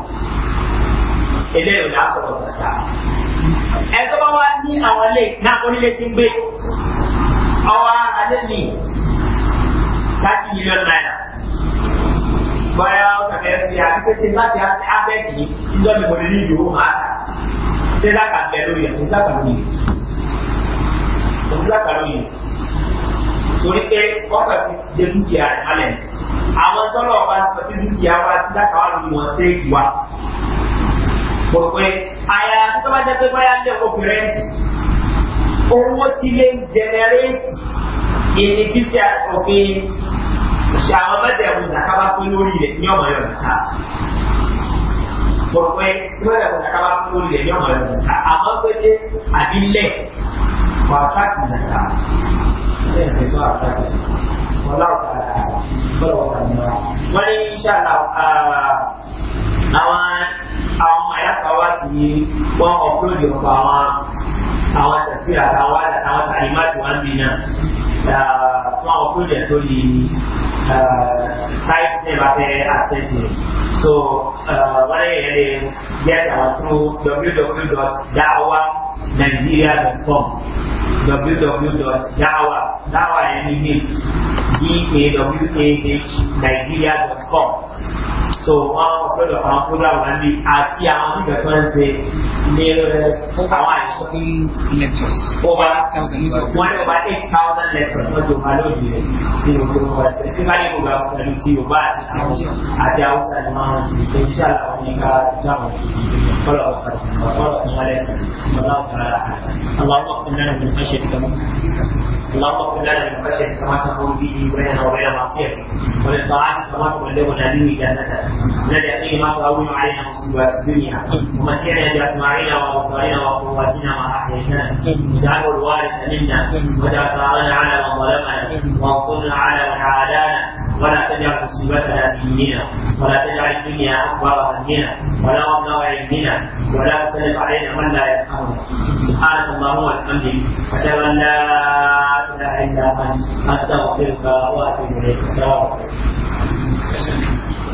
eléyìí náà sọ̀rọ̀ zaka. ẹ tó bá wá ní àwọn ilé náà onílé ti ń gbé ọwọ́ alẹ́ mi láti mílíọ̀nù náírà báyà ọ̀kàfẹ́ ti àti pé láti ábẹ́ẹ̀kì ìjọ ni mo lè ní ìdòwò máa tà ṣé láka bẹ lórí ẹ̀ ṣé láka lórí ẹ̀ ṣé láka lórí ẹ̀ torí pé ọkọ̀ ti ṣe dúkìá rẹ̀ mọ́lẹ̀ àwọn tọ́lọ̀ ọba sọ sí dúkìá wa ti láka wà lórí wọn ṣé ìwà mo pé àyà tó bá jẹ́ pé báyà ń lẹ̀ owó ti lè jẹnẹrétì ìní fífi ṣe àwọn mẹ́tẹ̀ẹ̀mú zaka bá pín lórí rẹ̀ ní ọmọ yọ̀ zaka. Mo rò pé mẹ́tẹ̀ẹ̀mú zaka bá pín lórí rẹ̀ ní ọmọ yọ̀ zaka. Àmọ́ pé dé wà fáàkì zaka. Bẹ́ẹ̀ ni tó àfáàkì. Ọlá ọ̀tá gbọ́dọ̀ wọ́n kàn ní wa. wọ́n ní ṣáàlà àwọn àwọn àyàkáwá ti wọ́n ọ̀pọ̀lọpọ̀ ọ̀pọ̀ àwọn àwọn tẹ̀sí àtàwọn àtàwọn tàlímà tí wọ́n ń bì náà fún àwọn ọ̀pọ̀lọpọ̀ sórí sáìtì tí so wọ́n lè through www.dawanigeria.com www.dawa dawa yẹn ní news d a wahnigeria.com so wọn ọ̀pọ̀lọpọ̀ àwọn program wa ní àti àwọn onígbà tó ń ṣe ní àwọn àìsàn lectures over one over eight thousand lectures wọ́n ti wà lónìí rẹ̀ sí ojú ọ̀pọ̀ ẹ̀sẹ̀ sí báyìí kò gbà pẹ̀lú ti yorùbá àti àwọn àti haúsá ni wọ́n ti ṣe iṣẹ́ àwọn oníkà dáhùn ọ̀pọ̀lọpọ̀ ọ̀pọ̀lọpọ̀ ọ̀sán wọlé ọ̀pọ̀lọpọ̀ ọ̀làwọ̀ ọ̀sán lẹ́nu ọ̀sán ṣe ti kàmú ọ̀làwọ̀ ọ̀sán lẹ́nu ọ̀sán ṣe ti kàmú معصيته وللطاعات طاعتك ما ناديني به الذي من ما تهون علينا مصيبات الدنيا ومتعنا باسماعنا وابصارنا وقواتنا ما احييتنا واجعله الوارث منا واجعل ثارنا على من ظلمنا وانصرنا على من عادانا ولا تجعل مصيبتنا في ديننا ولا تجعل الدنيا اكبر همنا ولا مبلغ علمنا ولا تسلط علينا من لا يفهمنا سبحانك اللهم وبحمدك اشهد ان لا اله الا انت استغفرك واتوب اليك السلام عليكم